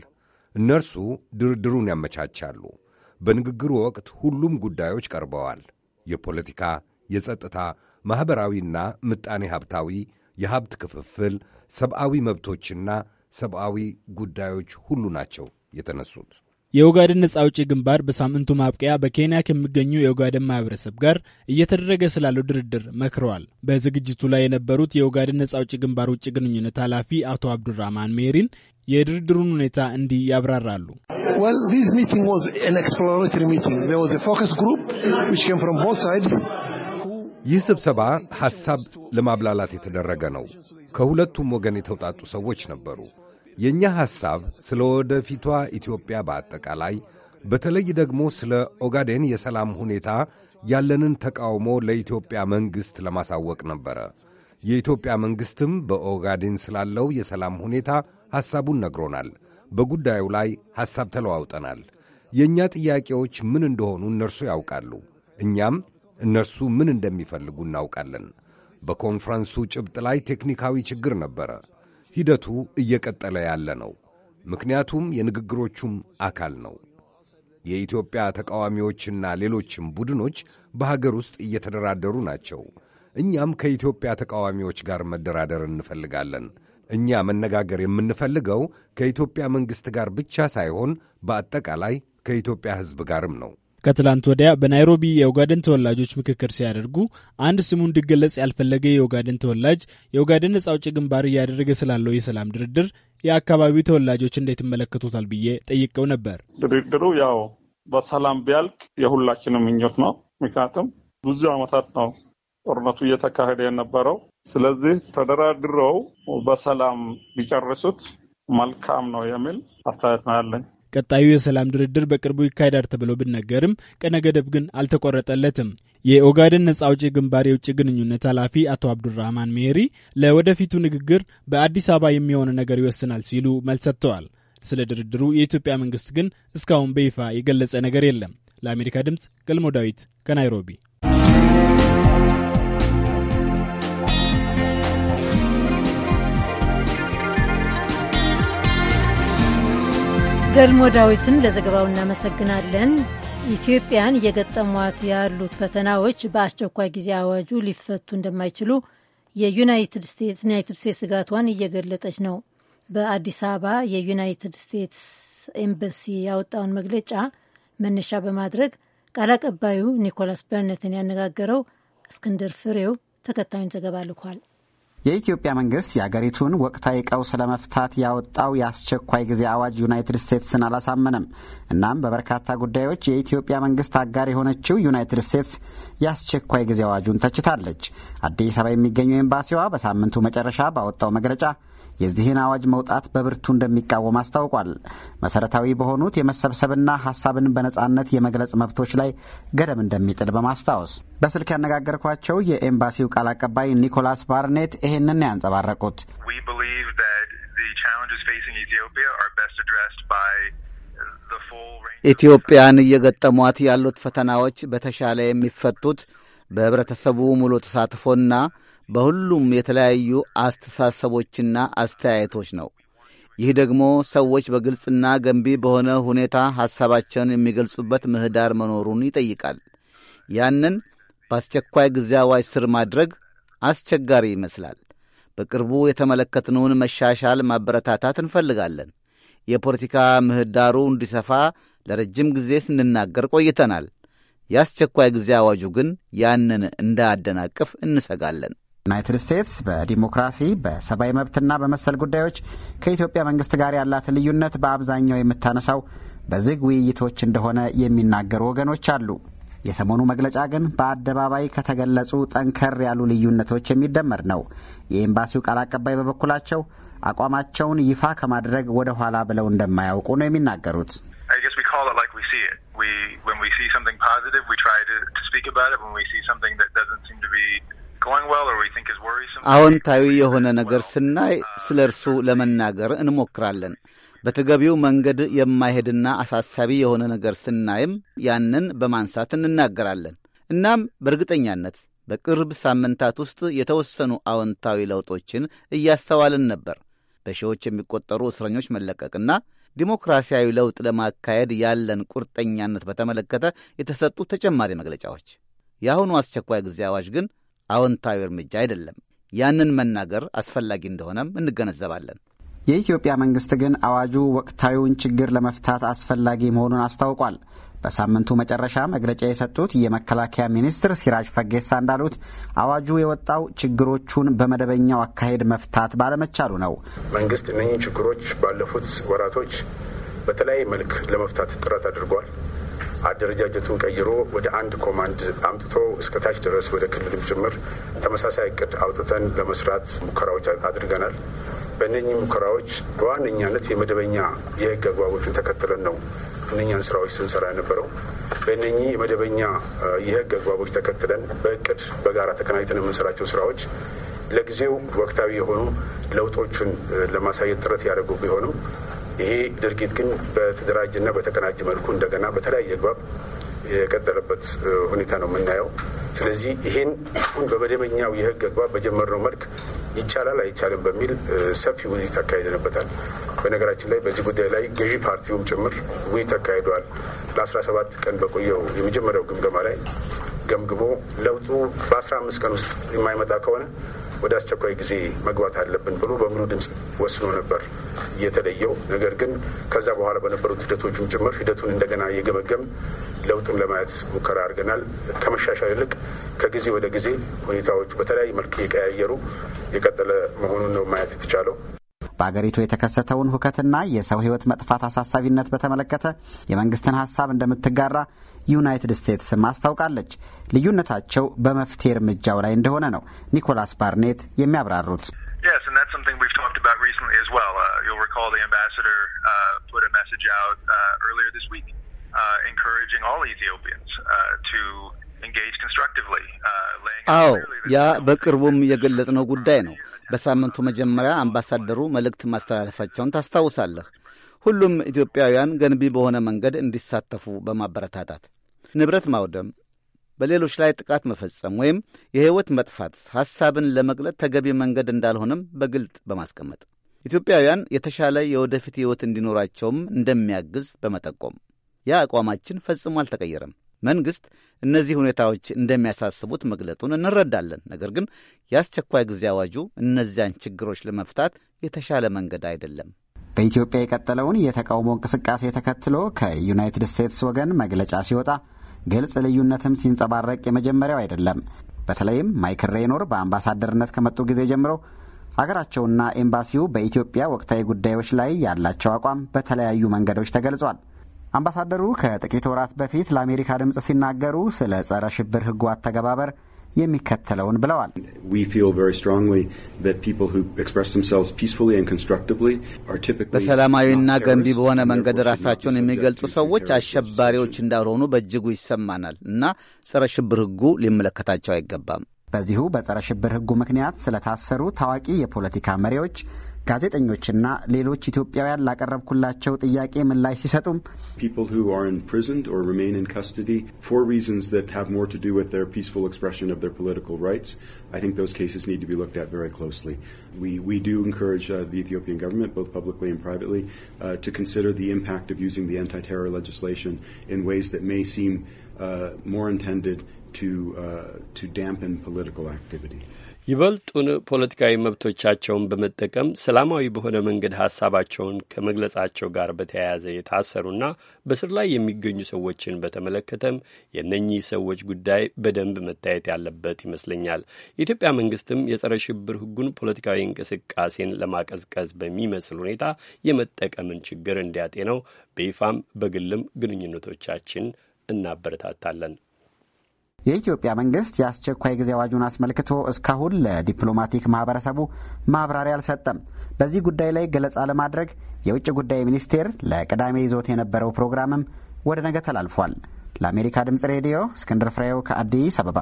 እነርሱ ድርድሩን ያመቻቻሉ። በንግግሩ ወቅት ሁሉም ጉዳዮች ቀርበዋል። የፖለቲካ፣ የጸጥታ፣ ማኅበራዊና ምጣኔ ሀብታዊ፣ የሀብት ክፍፍል፣ ሰብአዊ መብቶችና ሰብአዊ ጉዳዮች ሁሉ ናቸው የተነሱት። የኦጋዴን ነጻ አውጪ ግንባር በሳምንቱ ማብቂያ በኬንያ ከሚገኙ የኦጋዴን ማህበረሰብ ጋር እየተደረገ ስላለው ድርድር መክረዋል። በዝግጅቱ ላይ የነበሩት የኦጋዴን ነጻ አውጪ ግንባር ውጭ ግንኙነት ኃላፊ አቶ አብዱራህማን ሜሪን የድርድሩን ሁኔታ እንዲህ ያብራራሉ። ይህ ስብሰባ ሐሳብ ለማብላላት የተደረገ ነው። ከሁለቱም ወገን የተውጣጡ ሰዎች ነበሩ። የእኛ ሐሳብ ስለ ወደፊቷ ኢትዮጵያ በአጠቃላይ በተለይ ደግሞ ስለ ኦጋዴን የሰላም ሁኔታ ያለንን ተቃውሞ ለኢትዮጵያ መንግሥት ለማሳወቅ ነበረ። የኢትዮጵያ መንግሥትም በኦጋዴን ስላለው የሰላም ሁኔታ ሐሳቡን ነግሮናል። በጉዳዩ ላይ ሐሳብ ተለዋውጠናል። የእኛ ጥያቄዎች ምን እንደሆኑ እነርሱ ያውቃሉ። እኛም እነርሱ ምን እንደሚፈልጉ እናውቃለን። በኮንፈረንሱ ጭብጥ ላይ ቴክኒካዊ ችግር ነበረ። ሂደቱ እየቀጠለ ያለ ነው። ምክንያቱም የንግግሮቹም አካል ነው። የኢትዮጵያ ተቃዋሚዎችና ሌሎችም ቡድኖች በሀገር ውስጥ እየተደራደሩ ናቸው። እኛም ከኢትዮጵያ ተቃዋሚዎች ጋር መደራደር እንፈልጋለን። እኛ መነጋገር የምንፈልገው ከኢትዮጵያ መንግሥት ጋር ብቻ ሳይሆን በአጠቃላይ ከኢትዮጵያ ሕዝብ ጋርም ነው። ከትላንት ወዲያ በናይሮቢ የኦጋደን ተወላጆች ምክክር ሲያደርጉ አንድ ስሙ እንዲገለጽ ያልፈለገ የኦጋደን ተወላጅ የኦጋደን ነጻ አውጪ ግንባር እያደረገ ስላለው የሰላም ድርድር የአካባቢው ተወላጆች እንዴት ይመለከቱታል ብዬ ጠይቀው ነበር። ድርድሩ ያው በሰላም ቢያልቅ የሁላችንም ምኞት ነው። ምክንያቱም ብዙ ዓመታት ነው ጦርነቱ እየተካሄደ የነበረው። ስለዚህ ተደራድረው በሰላም ቢጨርሱት መልካም ነው የሚል አስተያየት ነው ያለኝ። ቀጣዩ የሰላም ድርድር በቅርቡ ይካሄዳል ተብሎ ቢነገርም ቀነ ገደብ ግን አልተቆረጠለትም። የኦጋዴን ነጻ አውጪ ግንባር የውጭ ግንኙነት ኃላፊ አቶ አብዱራህማን ሜሄሪ ለወደፊቱ ንግግር በአዲስ አበባ የሚሆነ ነገር ይወስናል ሲሉ መልስ ሰጥተዋል። ስለ ድርድሩ የኢትዮጵያ መንግስት ግን እስካሁን በይፋ የገለጸ ነገር የለም። ለአሜሪካ ድምፅ ገልሞ ዳዊት ከናይሮቢ ገልሞ ዳዊትን ለዘገባው እናመሰግናለን። ኢትዮጵያን እየገጠሟት ያሉት ፈተናዎች በአስቸኳይ ጊዜ አዋጁ ሊፈቱ እንደማይችሉ የዩናይትድ ስቴትስ ስጋቷን እየገለጠች ነው። በአዲስ አበባ የዩናይትድ ስቴትስ ኤምበሲ ያወጣውን መግለጫ መነሻ በማድረግ ቃል አቀባዩ ኒኮላስ በርነትን ያነጋገረው እስክንድር ፍሬው ተከታዩን ዘገባ ልኳል። የኢትዮጵያ መንግስት የአገሪቱን ወቅታዊ ቀውስ ለመፍታት ያወጣው የአስቸኳይ ጊዜ አዋጅ ዩናይትድ ስቴትስን አላሳመነም። እናም በበርካታ ጉዳዮች የኢትዮጵያ መንግስት አጋር የሆነችው ዩናይትድ ስቴትስ የአስቸኳይ ጊዜ አዋጁን ተችታለች። አዲስ አበባ የሚገኘው ኤምባሲዋ በሳምንቱ መጨረሻ ባወጣው መግለጫ የዚህን አዋጅ መውጣት በብርቱ እንደሚቃወም አስታውቋል። መሰረታዊ በሆኑት የመሰብሰብና ሀሳብን በነጻነት የመግለጽ መብቶች ላይ ገደብ እንደሚጥል በማስታወስ በስልክ ያነጋገርኳቸው የኤምባሲው ቃል አቀባይ ኒኮላስ ባርኔት ይህንን ያንጸባረቁት ኢትዮጵያን እየገጠሟት ያሉት ፈተናዎች በተሻለ የሚፈቱት በህብረተሰቡ ሙሉ ተሳትፎና በሁሉም የተለያዩ አስተሳሰቦችና አስተያየቶች ነው። ይህ ደግሞ ሰዎች በግልጽና ገንቢ በሆነ ሁኔታ ሐሳባቸውን የሚገልጹበት ምህዳር መኖሩን ይጠይቃል። ያንን በአስቸኳይ ጊዜ አዋጅ ስር ማድረግ አስቸጋሪ ይመስላል። በቅርቡ የተመለከትነውን መሻሻል ማበረታታት እንፈልጋለን። የፖለቲካ ምህዳሩ እንዲሰፋ ለረጅም ጊዜ ስንናገር ቆይተናል። የአስቸኳይ ጊዜ አዋጁ ግን ያንን እንዳያደናቅፍ እንሰጋለን። ዩናይትድ ስቴትስ በዲሞክራሲ በሰብአዊ መብትና በመሰል ጉዳዮች ከኢትዮጵያ መንግስት ጋር ያላት ልዩነት በአብዛኛው የምታነሳው በዝግ ውይይቶች እንደሆነ የሚናገሩ ወገኖች አሉ። የሰሞኑ መግለጫ ግን በአደባባይ ከተገለጹ ጠንከር ያሉ ልዩነቶች የሚደመር ነው። የኤምባሲው ቃል አቀባይ በበኩላቸው አቋማቸውን ይፋ ከማድረግ ወደ ኋላ ብለው እንደማያውቁ ነው የሚናገሩት። አዎንታዊ የሆነ ነገር ስናይ ስለ እርሱ ለመናገር እንሞክራለን። በተገቢው መንገድ የማይሄድና አሳሳቢ የሆነ ነገር ስናይም ያንን በማንሳት እንናገራለን። እናም በእርግጠኛነት በቅርብ ሳምንታት ውስጥ የተወሰኑ አዎንታዊ ለውጦችን እያስተዋልን ነበር። በሺዎች የሚቆጠሩ እስረኞች መለቀቅና ዲሞክራሲያዊ ለውጥ ለማካሄድ ያለን ቁርጠኛነት በተመለከተ የተሰጡ ተጨማሪ መግለጫዎች። የአሁኑ አስቸኳይ ጊዜ አዋጅ ግን አዎንታዊ እርምጃ አይደለም። ያንን መናገር አስፈላጊ እንደሆነም እንገነዘባለን። የኢትዮጵያ መንግስት ግን አዋጁ ወቅታዊውን ችግር ለመፍታት አስፈላጊ መሆኑን አስታውቋል። በሳምንቱ መጨረሻ መግለጫ የሰጡት የመከላከያ ሚኒስትር ሲራጅ ፈጌሳ እንዳሉት አዋጁ የወጣው ችግሮቹን በመደበኛው አካሄድ መፍታት ባለመቻሉ ነው። መንግስት እነኚህ ችግሮች ባለፉት ወራቶች በተለያየ መልክ ለመፍታት ጥረት አድርጓል። አደረጃጀቱን ቀይሮ ወደ አንድ ኮማንድ አምጥቶ እስከታች ድረስ ወደ ክልልም ጭምር ተመሳሳይ እቅድ አውጥተን ለመስራት ሙከራዎች አድርገናል። በእነኚህ ሙከራዎች በዋነኛነት የመደበኛ የህግ አግባቦችን ተከትለን ነው እነኛን ስራዎች ስንሰራ የነበረው። በእነኚህ የመደበኛ የህግ አግባቦች ተከትለን በእቅድ በጋራ ተቀናጅተን የምንሰራቸው ስራዎች ለጊዜው ወቅታዊ የሆኑ ለውጦችን ለማሳየት ጥረት ያደረጉ ቢሆንም ይሄ ድርጊት ግን በተደራጀና በተቀናጀ መልኩ እንደገና በተለያየ አግባብ የቀጠለበት ሁኔታ ነው የምናየው። ስለዚህ ይሄን ሁን በመደበኛው የህግ አግባብ በጀመርነው መልክ ይቻላል አይቻልም በሚል ሰፊ ውይይት አካሄደንበታል። በነገራችን ላይ በዚህ ጉዳይ ላይ ገዢ ፓርቲውም ጭምር ውይይት አካሂደዋል። ለአስራ ሰባት ቀን በቆየው የመጀመሪያው ግምገማ ላይ ገምግሞ ለውጡ በአስራ አምስት ቀን ውስጥ የማይመጣ ከሆነ ወደ አስቸኳይ ጊዜ መግባት አለብን ብሎ በሙሉ ድምፅ ወስኖ ነበር የተለየው። ነገር ግን ከዛ በኋላ በነበሩት ሂደቶችም ጭምር ሂደቱን እንደገና እየገመገም ለውጥም ለማየት ሙከራ አድርገናል። ከመሻሻል ይልቅ ከጊዜ ወደ ጊዜ ሁኔታዎች በተለያየ መልክ እየቀያየሩ የቀጠለ መሆኑን ነው ማየት የተቻለው። በአገሪቱ የተከሰተውን ሁከትና የሰው ሕይወት መጥፋት አሳሳቢነት በተመለከተ የመንግስትን ሀሳብ እንደምትጋራ ዩናይትድ ስቴትስም አስታውቃለች። ልዩነታቸው በመፍትሄ እርምጃው ላይ እንደሆነ ነው ኒኮላስ ባርኔት የሚያብራሩት። Yes, and that's something we've talked about recently as well. Uh, you'll recall the ambassador uh, put a message out uh, earlier this week uh, encouraging all Ethiopians uh, to engage constructively. አዎ ያ በቅርቡም የገለጽነው ጉዳይ ነው። በሳምንቱ መጀመሪያ አምባሳደሩ መልእክት ማስተላለፋቸውን ታስታውሳለህ። ሁሉም ኢትዮጵያውያን ገንቢ በሆነ መንገድ እንዲሳተፉ በማበረታታት ንብረት ማውደም፣ በሌሎች ላይ ጥቃት መፈጸም ወይም የሕይወት መጥፋት ሐሳብን ለመግለጥ ተገቢ መንገድ እንዳልሆነም በግልጥ በማስቀመጥ ኢትዮጵያውያን የተሻለ የወደፊት ሕይወት እንዲኖራቸውም እንደሚያግዝ በመጠቆም ያ አቋማችን ፈጽሞ አልተቀየረም። መንግሥት እነዚህ ሁኔታዎች እንደሚያሳስቡት መግለጡን እንረዳለን። ነገር ግን የአስቸኳይ ጊዜ አዋጁ እነዚያን ችግሮች ለመፍታት የተሻለ መንገድ አይደለም በኢትዮጵያ የቀጠለውን የተቃውሞ እንቅስቃሴ ተከትሎ ከዩናይትድ ስቴትስ ወገን መግለጫ ሲወጣ ግልጽ ልዩነትም ሲንጸባረቅ የመጀመሪያው አይደለም። በተለይም ማይክል ሬኖር በአምባሳደርነት ከመጡ ጊዜ ጀምሮ አገራቸውና ኤምባሲው በኢትዮጵያ ወቅታዊ ጉዳዮች ላይ ያላቸው አቋም በተለያዩ መንገዶች ተገልጿል። አምባሳደሩ ከጥቂት ወራት በፊት ለአሜሪካ ድምፅ ሲናገሩ ስለ ጸረ ሽብር ሕጉ አተገባበር የሚከተለውን ብለዋል። በሰላማዊና ገንቢ በሆነ መንገድ ራሳቸውን የሚገልጹ ሰዎች አሸባሪዎች እንዳልሆኑ በእጅጉ ይሰማናል እና ጸረ ሽብር ሕጉ ሊመለከታቸው አይገባም። በዚሁ በጸረ ሽብር ሕጉ ምክንያት ስለታሰሩ ታዋቂ የፖለቲካ መሪዎች People who are imprisoned or remain in custody for reasons that have more to do with their peaceful expression of their political rights, I think those cases need to be looked at very closely. We, we do encourage uh, the Ethiopian government, both publicly and privately, uh, to consider the impact of using the anti terror legislation in ways that may seem uh, more intended Uh, ይበልጡን ፖለቲካዊ መብቶቻቸውን በመጠቀም ሰላማዊ በሆነ መንገድ ሀሳባቸውን ከመግለጻቸው ጋር በተያያዘ የታሰሩና በስር ላይ የሚገኙ ሰዎችን በተመለከተም የእነኚህ ሰዎች ጉዳይ በደንብ መታየት ያለበት ይመስለኛል። የኢትዮጵያ መንግስትም የጸረ ሽብር ህጉን ፖለቲካዊ እንቅስቃሴን ለማቀዝቀዝ በሚመስል ሁኔታ የመጠቀምን ችግር እንዲያጤነው በይፋም በግልም ግንኙነቶቻችን እናበረታታለን። የኢትዮጵያ መንግስት የአስቸኳይ ጊዜ አዋጁን አስመልክቶ እስካሁን ለዲፕሎማቲክ ማህበረሰቡ ማብራሪያ አልሰጠም። በዚህ ጉዳይ ላይ ገለጻ ለማድረግ የውጭ ጉዳይ ሚኒስቴር ለቅዳሜ ይዞት የነበረው ፕሮግራምም ወደ ነገ ተላልፏል። ለአሜሪካ ድምጽ ሬዲዮ እስክንድር ፍሬው ከአዲስ አበባ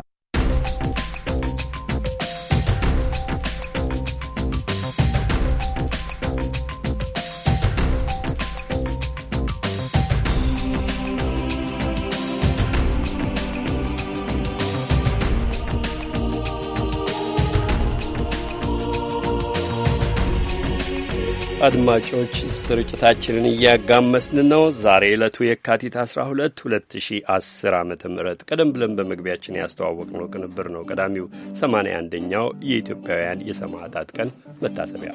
አድማጮች ስርጭታችንን እያጋመስን ነው። ዛሬ ዕለቱ የካቲት 12 2010 ዓ ም ቀደም ብለን በመግቢያችን ያስተዋወቅነው ቅንብር ነው። ቀዳሚው 81ኛው የኢትዮጵያውያን የሰማዕታት ቀን መታሰቢያ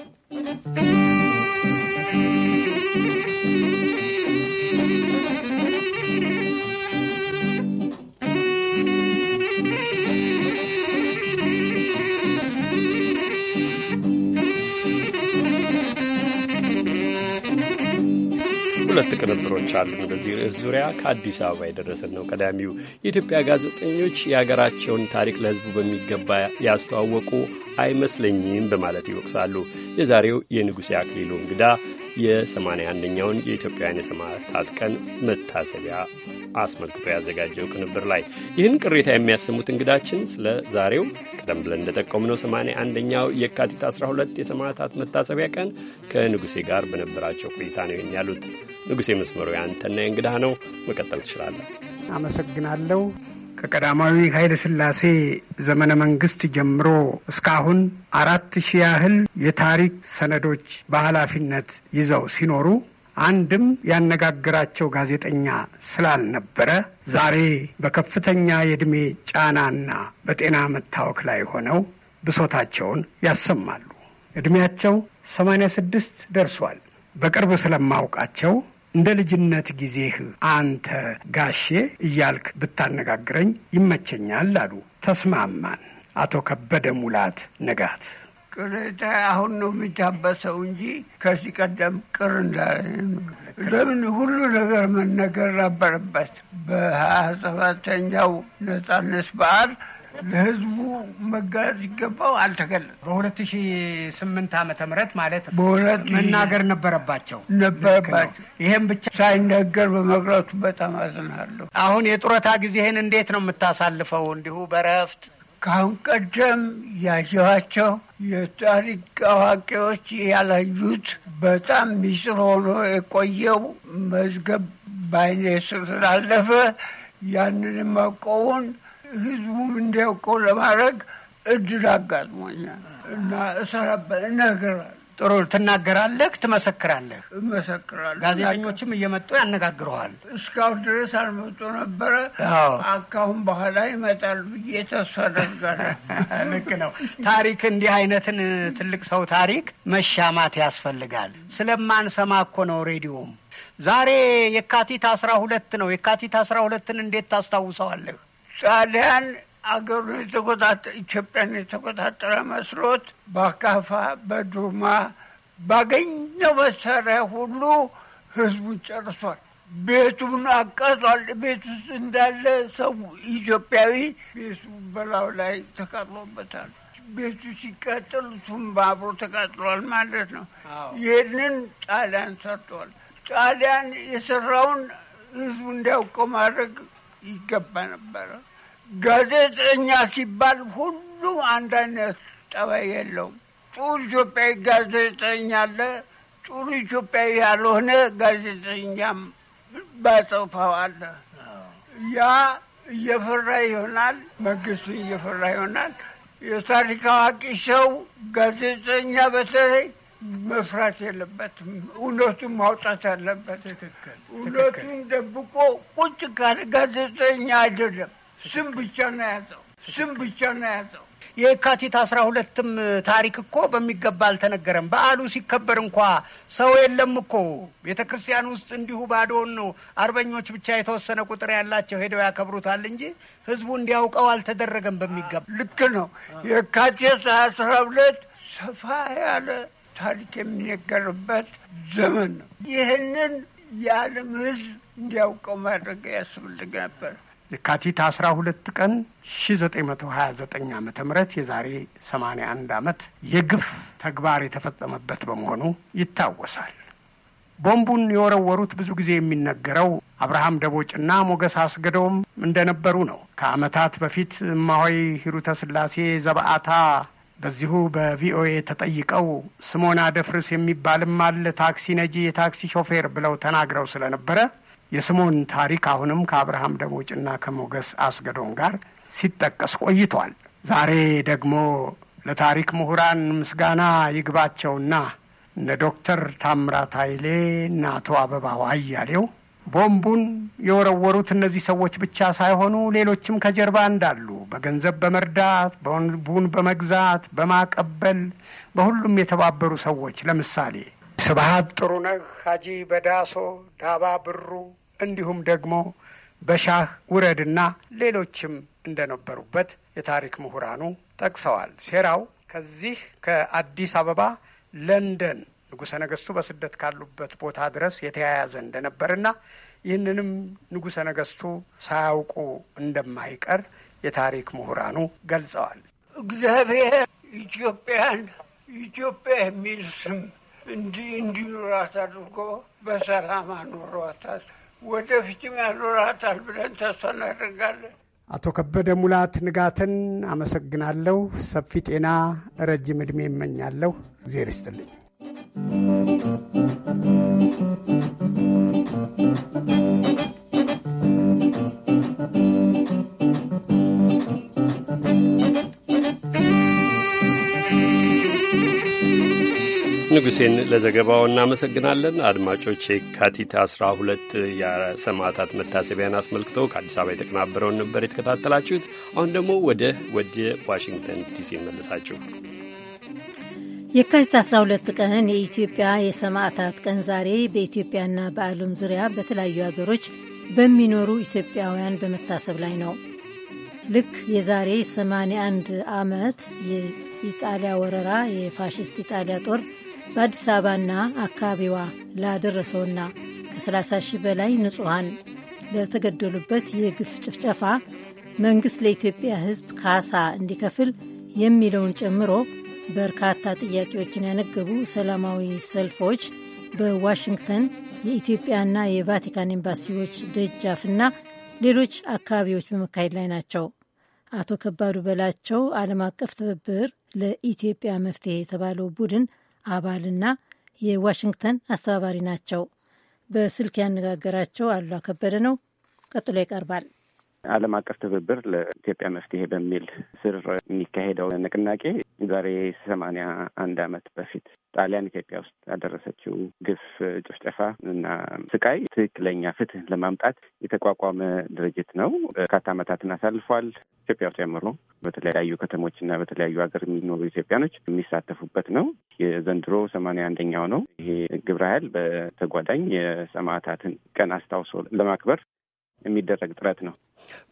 ሁለት ቅንብሮች አሉ። በዚህ ርዕስ ዙሪያ ከአዲስ አበባ የደረሰን ነው። ቀዳሚው የኢትዮጵያ ጋዜጠኞች የሀገራቸውን ታሪክ ለሕዝቡ በሚገባ ያስተዋወቁ አይመስለኝም በማለት ይወቅሳሉ። የዛሬው የንጉሴ አክሊሉ እንግዳ የ81ኛውን የኢትዮጵያውያን የሰማዕታት ቀን መታሰቢያ አስመልክቶ ያዘጋጀው ቅንብር ላይ ይህን ቅሬታ የሚያሰሙት እንግዳችን ስለ ዛሬው ቀደም ብለን ነው 81ኛው የካቲት 12 የሰማዕታት መታሰቢያ ቀን ከንጉሴ ጋር በነበራቸው ቆይታ ነው ያሉት። ንጉሴ መስመሩ ያንተና የእንግዳህ ነው። መቀጠል ትችላለን። አመሰግናለሁ። ከቀዳማዊ ኃይለ ሥላሴ ዘመነ መንግስት ጀምሮ እስካሁን አራት ሺህ ያህል የታሪክ ሰነዶች በኃላፊነት ይዘው ሲኖሩ አንድም ያነጋግራቸው ጋዜጠኛ ስላልነበረ ዛሬ በከፍተኛ የዕድሜ ጫናና በጤና መታወክ ላይ ሆነው ብሶታቸውን ያሰማሉ። ዕድሜያቸው ሰማንያ ስድስት ደርሷል። በቅርብ ስለማውቃቸው እንደ ልጅነት ጊዜህ አንተ ጋሼ እያልክ ብታነጋግረኝ ይመቸኛል አሉ። ተስማማን። አቶ ከበደ ሙላት ንጋት ቅሬታ አሁን ነው የሚታበሰው እንጂ ከዚህ ቀደም ቅር እንዳለ ለምን ሁሉ ነገር መነገር ነበረበት። በሀያ ሰባተኛው ነጻነት በዓል ለህዝቡ መጋለጥ ሲገባው አልተገለጠም። በሁለት ሺ ስምንት ዓመተ ምህረት ማለት በሁለት መናገር ነበረባቸው ነበረባቸው። ይህም ብቻ ሳይነገር በመቅረቱ በጣም አዝናለሁ። አሁን የጡረታ ጊዜህን እንዴት ነው የምታሳልፈው? እንዲሁ በረፍት ካሁን ቀደም ያየኋቸው የታሪክ አዋቂዎች ያላዩት በጣም ሚስር ሆኖ የቆየው መዝገብ በዓይኔ ስር ስላለፈ ያንን መቆውን ህዝቡም እንዲያውቀው ለማድረግ እድል አጋጥሞኛል እና እሰራበት እነግራለሁ። ጥሩ ትናገራለህ፣ ትመሰክራለህ። እመሰክራለሁ። ጋዜጠኞችም እየመጡ ያነጋግረዋል። እስካሁን ድረስ አልመጡ ነበረ። አካሁን በኋላ ይመጣል ብዬ ተስፋ አደርጋለሁ። ልክ ነው። ታሪክ እንዲህ አይነትን ትልቅ ሰው ታሪክ መሻማት ያስፈልጋል። ስለማንሰማ እኮ ነው ሬዲዮም ዛሬ የካቲት አስራ ሁለት ነው። የካቲት አስራ ሁለትን እንዴት ታስታውሰዋለህ? ጣሊያን አገሩን የተቆጣጠ ኢትዮጵያን የተቆጣጠረ መስሎት በአካፋ በዱማ ባገኘው መሳሪያ ሁሉ ህዝቡን ጨርሷል። ቤቱን አቃጥሏል። ቤት ውስጥ እንዳለ ሰው ኢትዮጵያዊ ቤቱ በላው ላይ ተቃጥሎበታል። ቤቱ ሲቃጠል እሱም በአብሮ ተቃጥሏል ማለት ነው። ይህንን ጣሊያን ሰርተዋል። ጣሊያን የሰራውን ህዝቡ እንዲያውቀው ማድረግ ይገባ ነበረ። ጋዜጠኛ ሲባል ሁሉም አንድ አይነት ጠባይ የለውም። ጥሩ ኢትዮጵያዊ ጋዜጠኛ አለ፣ ጥሩ ኢትዮጵያዊ ያልሆነ ጋዜጠኛም ባጸፋው አለ። ያ እየፈራ ይሆናል፣ መንግስቱ እየፈራ ይሆናል። የታሪክ አዋቂ ሰው ጋዜጠኛ በተለይ መፍራት የለበትም። እውነቱን ማውጣት አለበት። እውነቱን ደብቆ ቁጭ ካለ ጋዜጠኛ አይደለም። ስም ብቻ ነው ያዘው፣ ስም ብቻ ነው ያዘው። የካቲት አስራ ሁለትም ታሪክ እኮ በሚገባ አልተነገረም። በዓሉ ሲከበር እንኳ ሰው የለም እኮ ቤተ ክርስቲያን ውስጥ እንዲሁ ባዶውን ነው። አርበኞች ብቻ የተወሰነ ቁጥር ያላቸው ሄደው ያከብሩታል እንጂ ህዝቡ እንዲያውቀው አልተደረገም በሚገባ። ልክ ነው። የካቲት አስራ ሁለት ሰፋ ያለ ታሪክ የሚነገርበት ዘመን ነው። ይህንን የዓለም ሕዝብ እንዲያውቀው ማድረግ ያስፈልግ ነበር። የካቲት አስራ ሁለት ቀን ሺ ዘጠኝ መቶ ሀያ ዘጠኝ ዓመተ ምህረት የዛሬ ሰማኒያ አንድ ዓመት የግፍ ተግባር የተፈጸመበት በመሆኑ ይታወሳል። ቦምቡን የወረወሩት ብዙ ጊዜ የሚነገረው አብርሃም ደቦጭና ሞገስ አስገደውም እንደነበሩ ነው። ከዓመታት በፊት እማሆይ ሂሩተ ስላሴ ዘበአታ በዚሁ በቪኦኤ ተጠይቀው ስሞን ደፍርስ የሚባልም አለ ታክሲ ነጂ፣ የታክሲ ሾፌር ብለው ተናግረው ስለነበረ የስሞን ታሪክ አሁንም ከአብርሃም ደቦጭና ከሞገስ አስገዶም ጋር ሲጠቀስ ቆይቷል። ዛሬ ደግሞ ለታሪክ ምሁራን ምስጋና ይግባቸውና እነ ዶክተር ታምራት ኃይሌ እና አቶ አበባው አያሌው ቦምቡን የወረወሩት እነዚህ ሰዎች ብቻ ሳይሆኑ ሌሎችም ከጀርባ እንዳሉ በገንዘብ በመርዳት ቦምቡን በመግዛት በማቀበል በሁሉም የተባበሩ ሰዎች ለምሳሌ ስብሀት ጥሩነህ፣ ሀጂ በዳሶ ዳባ ብሩ እንዲሁም ደግሞ በሻህ ውረድና ሌሎችም እንደነበሩበት የታሪክ ምሁራኑ ጠቅሰዋል። ሴራው ከዚህ ከአዲስ አበባ ለንደን ንጉሠ ነገሥቱ በስደት ካሉበት ቦታ ድረስ የተያያዘ እንደነበርና ይህንንም ንጉሠ ነገሥቱ ሳያውቁ እንደማይቀር የታሪክ ምሁራኑ ገልጸዋል። እግዚአብሔር ኢትዮጵያን ኢትዮጵያ የሚል ስም እንዲህ እንዲኖራት አድርጎ በሰላም አኖሯታል። ወደፊትም ያኖራታል ብለን ተስፋ እናደርጋለን። አቶ ከበደ ሙላት ንጋትን አመሰግናለሁ። ሰፊ ጤና፣ ረጅም ዕድሜ ይመኛለሁ። እግዜር ይስጥልኝ። ንጉሴን ለዘገባው እናመሰግናለን። አድማጮች የካቲት 12 የሰማዕታት መታሰቢያን አስመልክቶ ከአዲስ አበባ የተቀናበረውን ነበር የተከታተላችሁት። አሁን ደግሞ ወደ ወደ ዋሽንግተን ዲሲ መለሳችሁ። የካቲት 12 ቀን የኢትዮጵያ የሰማዕታት ቀን ዛሬ በኢትዮጵያና በዓለም ዙሪያ በተለያዩ ሀገሮች በሚኖሩ ኢትዮጵያውያን በመታሰብ ላይ ነው። ልክ የዛሬ 81 ዓመት የኢጣሊያ ወረራ የፋሽስት ኢጣሊያ ጦር በአዲስ አበባና አካባቢዋ ላደረሰውና ከ30 ሺህ በላይ ንጹሐን ለተገደሉበት የግፍ ጭፍጨፋ መንግሥት ለኢትዮጵያ ሕዝብ ካሳ እንዲከፍል የሚለውን ጨምሮ በርካታ ጥያቄዎችን ያነገቡ ሰላማዊ ሰልፎች በዋሽንግተን የኢትዮጵያና የቫቲካን ኤምባሲዎች ደጃፍና ሌሎች አካባቢዎች በመካሄድ ላይ ናቸው። አቶ ከባዱ በላቸው ዓለም አቀፍ ትብብር ለኢትዮጵያ መፍትሄ የተባለው ቡድን አባልና የዋሽንግተን አስተባባሪ ናቸው። በስልክ ያነጋገራቸው አሉላ ከበደ ነው። ቀጥሎ ይቀርባል። ዓለም አቀፍ ትብብር ለኢትዮጵያ መፍትሄ በሚል ስር የሚካሄደው ንቅናቄ ዛሬ ሰማንያ አንድ ዓመት በፊት ጣሊያን ኢትዮጵያ ውስጥ ያደረሰችው ግፍ፣ ጭፍጨፋ እና ስቃይ ትክክለኛ ፍትህ ለማምጣት የተቋቋመ ድርጅት ነው። በርካታ ዓመታትን አሳልፏል። ኢትዮጵያ ውስጥ ጀምሮ በተለያዩ ከተሞች እና በተለያዩ ሀገር የሚኖሩ ኢትዮጵያኖች የሚሳተፉበት ነው። የዘንድሮ ሰማንያ አንደኛው ነው። ይሄ ግብረ ኃይል በተጓዳኝ የሰማዕታትን ቀን አስታውሶ ለማክበር የሚደረግ ጥረት ነው።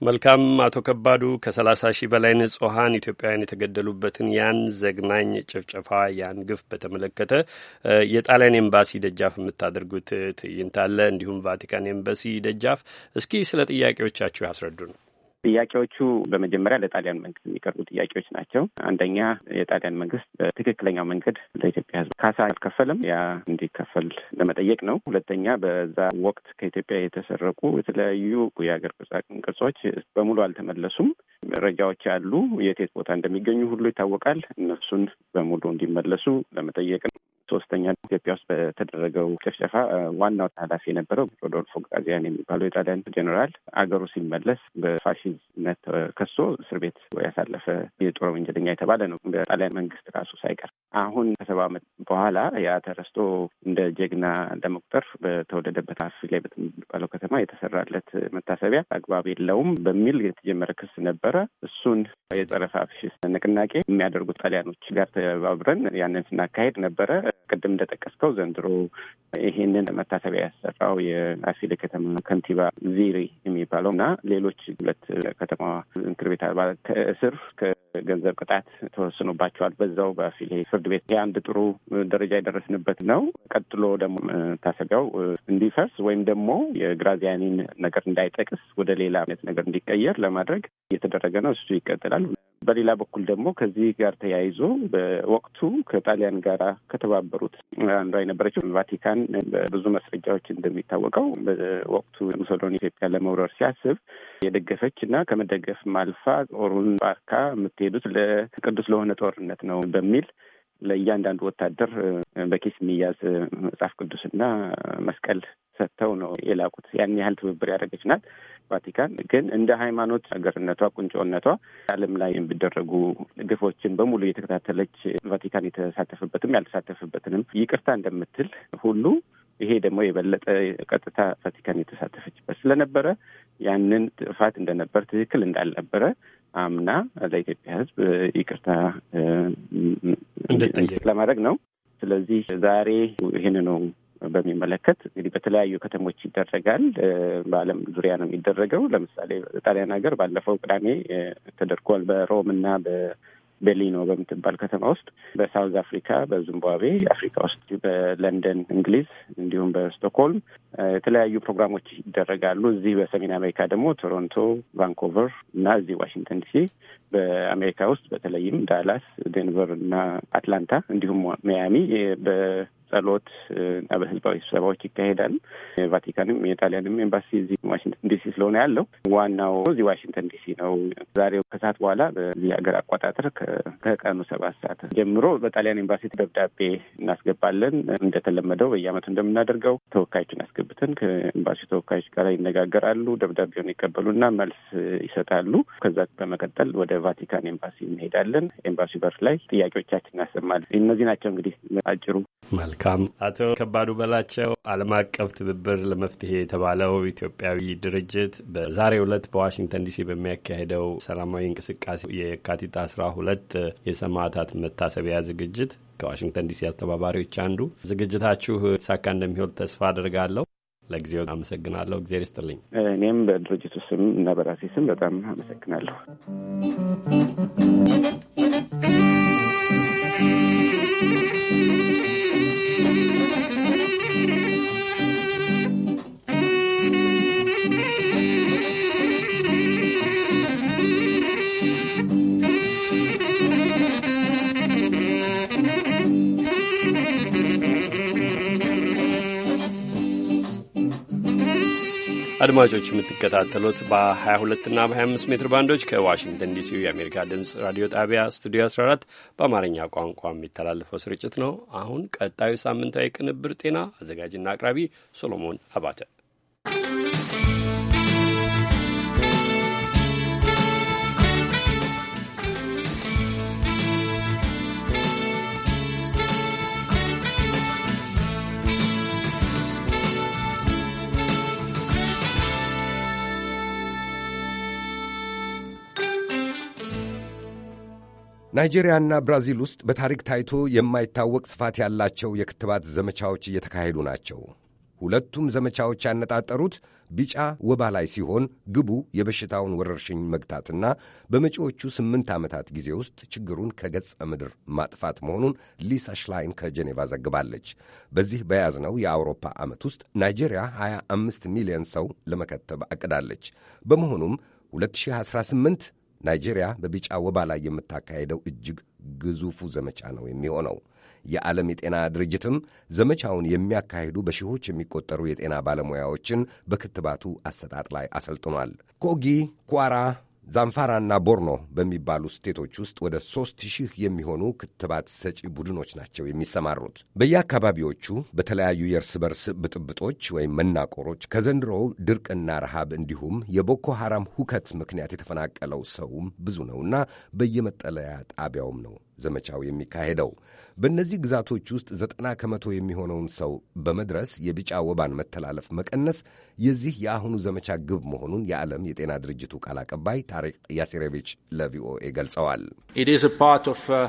መልካም አቶ ከባዱ ከሰላሳ ሺህ በላይ ንጹሀን ኢትዮጵያውያን የተገደሉበትን ያን ዘግናኝ ጭፍጨፋ ያን ግፍ በተመለከተ የጣሊያን ኤምባሲ ደጃፍ የምታደርጉት ትዕይንት አለ። እንዲሁም ቫቲካን ኤምባሲ ደጃፍ እስኪ ስለ ጥያቄዎቻችሁ ነው ጥያቄዎቹ በመጀመሪያ ለጣሊያን መንግስት የሚቀርቡ ጥያቄዎች ናቸው። አንደኛ የጣሊያን መንግስት በትክክለኛው መንገድ ለኢትዮጵያ ሕዝብ ካሳ አልከፈልም፣ ያ እንዲከፈል ለመጠየቅ ነው። ሁለተኛ በዛ ወቅት ከኢትዮጵያ የተሰረቁ የተለያዩ የሀገር ቅርጾች በሙሉ አልተመለሱም። መረጃዎች አሉ። የት የት ቦታ እንደሚገኙ ሁሉ ይታወቃል። እነሱን በሙሉ እንዲመለሱ ለመጠየቅ ነው። ሶስተኛ ኢትዮጵያ ውስጥ በተደረገው ጭፍጨፋ ዋናው ኃላፊ የነበረው ሮዶልፎ ግራዚያኒ የሚባለው የጣሊያን ጀኔራል አገሩ ሲመለስ በፋሽዝነት ከሶ እስር ቤት ያሳለፈ የጦር ወንጀለኛ የተባለ ነው በጣሊያን መንግስት ራሱ ሳይቀር። አሁን ከሰባ ዓመት በኋላ ያ ተረስቶ እንደ ጀግና ለመቁጠር በተወለደበት አፍ ላይ በሚባለው ከተማ የተሰራለት መታሰቢያ አግባብ የለውም በሚል የተጀመረ ክስ ነበረ። እሱን የጸረ ፋሺስት ንቅናቄ የሚያደርጉት ጣሊያኖች ጋር ተባብረን ያንን ስናካሄድ ነበረ። ቅድም እንደጠቀስከው ዘንድሮ ይሄንን መታሰቢያ ያሰራው የአፊሌ ከተማ ከንቲባ ዚሪ የሚባለው እና ሌሎች ሁለት ከተማ ምክር ቤት አባላት ከእስር ከገንዘብ ቅጣት ተወስኖባቸዋል። በዛው በአፊሌ ፍርድ ቤት የአንድ ጥሩ ደረጃ የደረስንበት ነው። ቀጥሎ ደግሞ መታሰቢያው እንዲፈርስ ወይም ደግሞ የግራዚያኒን ነገር እንዳይጠቅስ ወደ ሌላ አይነት ነገር እንዲቀየር ለማድረግ እየተደረገ ነው። እሱ ይቀጥላል። በሌላ በኩል ደግሞ ከዚህ ጋር ተያይዞ በወቅቱ ከጣሊያን ጋር ከተባበሩት አንዷ የነበረችው ቫቲካን በብዙ ማስረጃዎች እንደሚታወቀው በወቅቱ ሙሶሎኒ ኢትዮጵያ ለመውረር ሲያስብ የደገፈች እና ከመደገፍ አልፋ ጦሩን ባርካ የምትሄዱት ለቅዱስ ለሆነ ጦርነት ነው በሚል ለእያንዳንዱ ወታደር በኪስ የሚያዝ መጽሐፍ ቅዱስና መስቀል ሰጥተው ነው የላኩት። ያን ያህል ትብብር ያደረገች ናት። ቫቲካን ግን እንደ ሃይማኖት ሀገርነቷ ቁንጮነቷ ዓለም ላይ የሚደረጉ ግፎችን በሙሉ እየተከታተለች ቫቲካን የተሳተፈበትም ያልተሳተፈበትንም ይቅርታ እንደምትል ሁሉ ይሄ ደግሞ የበለጠ ቀጥታ ቫቲካን የተሳተፈችበት ስለነበረ ያንን ጥፋት እንደነበር ትክክል እንዳልነበረ አምና ለኢትዮጵያ ሕዝብ ይቅርታ ለማድረግ ነው። ስለዚህ ዛሬ ይህን ነው በሚመለከት እንግዲህ በተለያዩ ከተሞች ይደረጋል። በዓለም ዙሪያ ነው የሚደረገው። ለምሳሌ ጣሊያን ሀገር ባለፈው ቅዳሜ ተደርጓል በሮም እና ቤሊኖ በምትባል ከተማ ውስጥ፣ በሳውዝ አፍሪካ፣ በዚምባብዌ አፍሪካ ውስጥ፣ በለንደን እንግሊዝ፣ እንዲሁም በስቶክሆልም የተለያዩ ፕሮግራሞች ይደረጋሉ። እዚህ በሰሜን አሜሪካ ደግሞ ቶሮንቶ፣ ቫንኮቨር እና እዚህ ዋሽንግተን ዲሲ በአሜሪካ ውስጥ በተለይም ዳላስ፣ ዴንቨር እና አትላንታ እንዲሁም ሚያሚ በጸሎት እና በህዝባዊ ስብሰባዎች ይካሄዳል። ቫቲካንም የጣሊያንም ኤምባሲ እዚህ ዋሽንግተን ዲሲ ስለሆነ ያለው ዋናው እዚህ ዋሽንግተን ዲሲ ነው። ዛሬው ከሰዓት በኋላ በዚህ ሀገር አቆጣጠር ከቀኑ ሰባት ሰዓት ጀምሮ በጣሊያን ኤምባሲ ደብዳቤ እናስገባለን። እንደተለመደው በየአመቱ እንደምናደርገው ተወካዮችን አስገብተን ከኤምባሲ ተወካዮች ጋር ይነጋገራሉ። ደብዳቤውን ይቀበሉና መልስ ይሰጣሉ። ከዛ በመቀጠል ወደ ቫቲካን ኤምባሲ እንሄዳለን። ኤምባሲ በር ላይ ጥያቄዎቻችን እናሰማለን። እነዚህ ናቸው እንግዲህ አጭሩ። መልካም አቶ ከባዱ በላቸው፣ ዓለም አቀፍ ትብብር ለመፍትሄ የተባለው ኢትዮጵያዊ ድርጅት በዛሬው ዕለት በዋሽንግተን ዲሲ በሚያካሄደው ሰላማዊ እንቅስቃሴ የካቲት አስራ ሁለት የሰማዕታት መታሰቢያ ዝግጅት ከዋሽንግተን ዲሲ አስተባባሪዎች አንዱ ዝግጅታችሁ ሳካ እንደሚሆን ተስፋ አድርጋለሁ። ለጊዜው አመሰግናለሁ። እግዜር ይስጥልኝ። እኔም በድርጅቱ ስም እና በራሴ ስም በጣም አመሰግናለሁ። አድማጮች የምትከታተሉት በ22 እና በ25 ሜትር ባንዶች ከዋሽንግተን ዲሲ የአሜሪካ ድምፅ ራዲዮ ጣቢያ ስቱዲዮ 14 በአማርኛ ቋንቋ የሚተላለፈው ስርጭት ነው። አሁን ቀጣዩ ሳምንታዊ ቅንብር ጤና፣ አዘጋጅና አቅራቢ ሶሎሞን አባተ ናይጄሪያና ብራዚል ውስጥ በታሪክ ታይቶ የማይታወቅ ስፋት ያላቸው የክትባት ዘመቻዎች እየተካሄዱ ናቸው። ሁለቱም ዘመቻዎች ያነጣጠሩት ቢጫ ወባ ላይ ሲሆን ግቡ የበሽታውን ወረርሽኝ መግታትና በመጪዎቹ ስምንት ዓመታት ጊዜ ውስጥ ችግሩን ከገጸ ምድር ማጥፋት መሆኑን ሊሳ ሽላይን ከጄኔቫ ዘግባለች። በዚህ በያዝነው የአውሮፓ ዓመት ውስጥ ናይጄሪያ 25 ሚሊዮን ሰው ለመከተብ አቅዳለች። በመሆኑም 2018 ናይጄሪያ በቢጫ ወባ ላይ የምታካሄደው እጅግ ግዙፉ ዘመቻ ነው የሚሆነው። የዓለም የጤና ድርጅትም ዘመቻውን የሚያካሂዱ በሺዎች የሚቆጠሩ የጤና ባለሙያዎችን በክትባቱ አሰጣጥ ላይ አሰልጥኗል። ኮጊ፣ ኳራ፣ ዛንፋራና ቦርኖ በሚባሉ ስቴቶች ውስጥ ወደ ሦስት ሺህ የሚሆኑ ክትባት ሰጪ ቡድኖች ናቸው የሚሰማሩት። በየአካባቢዎቹ በተለያዩ የእርስ በርስ ብጥብጦች ወይም መናቆሮች ከዘንድሮው ድርቅና ረሃብ እንዲሁም የቦኮ ሐራም ሁከት ምክንያት የተፈናቀለው ሰውም ብዙ ነውና በየመጠለያ ጣቢያውም ነው ዘመቻው የሚካሄደው። በእነዚህ ግዛቶች ውስጥ ዘጠና ከመቶ የሚሆነውን ሰው በመድረስ የቢጫ ወባን መተላለፍ መቀነስ የዚህ የአሁኑ ዘመቻ ግብ መሆኑን የዓለም የጤና ድርጅቱ ቃል አቀባይ ታሪክ ያሴሬቪች ለቪኦኤ ገልጸዋል። uh,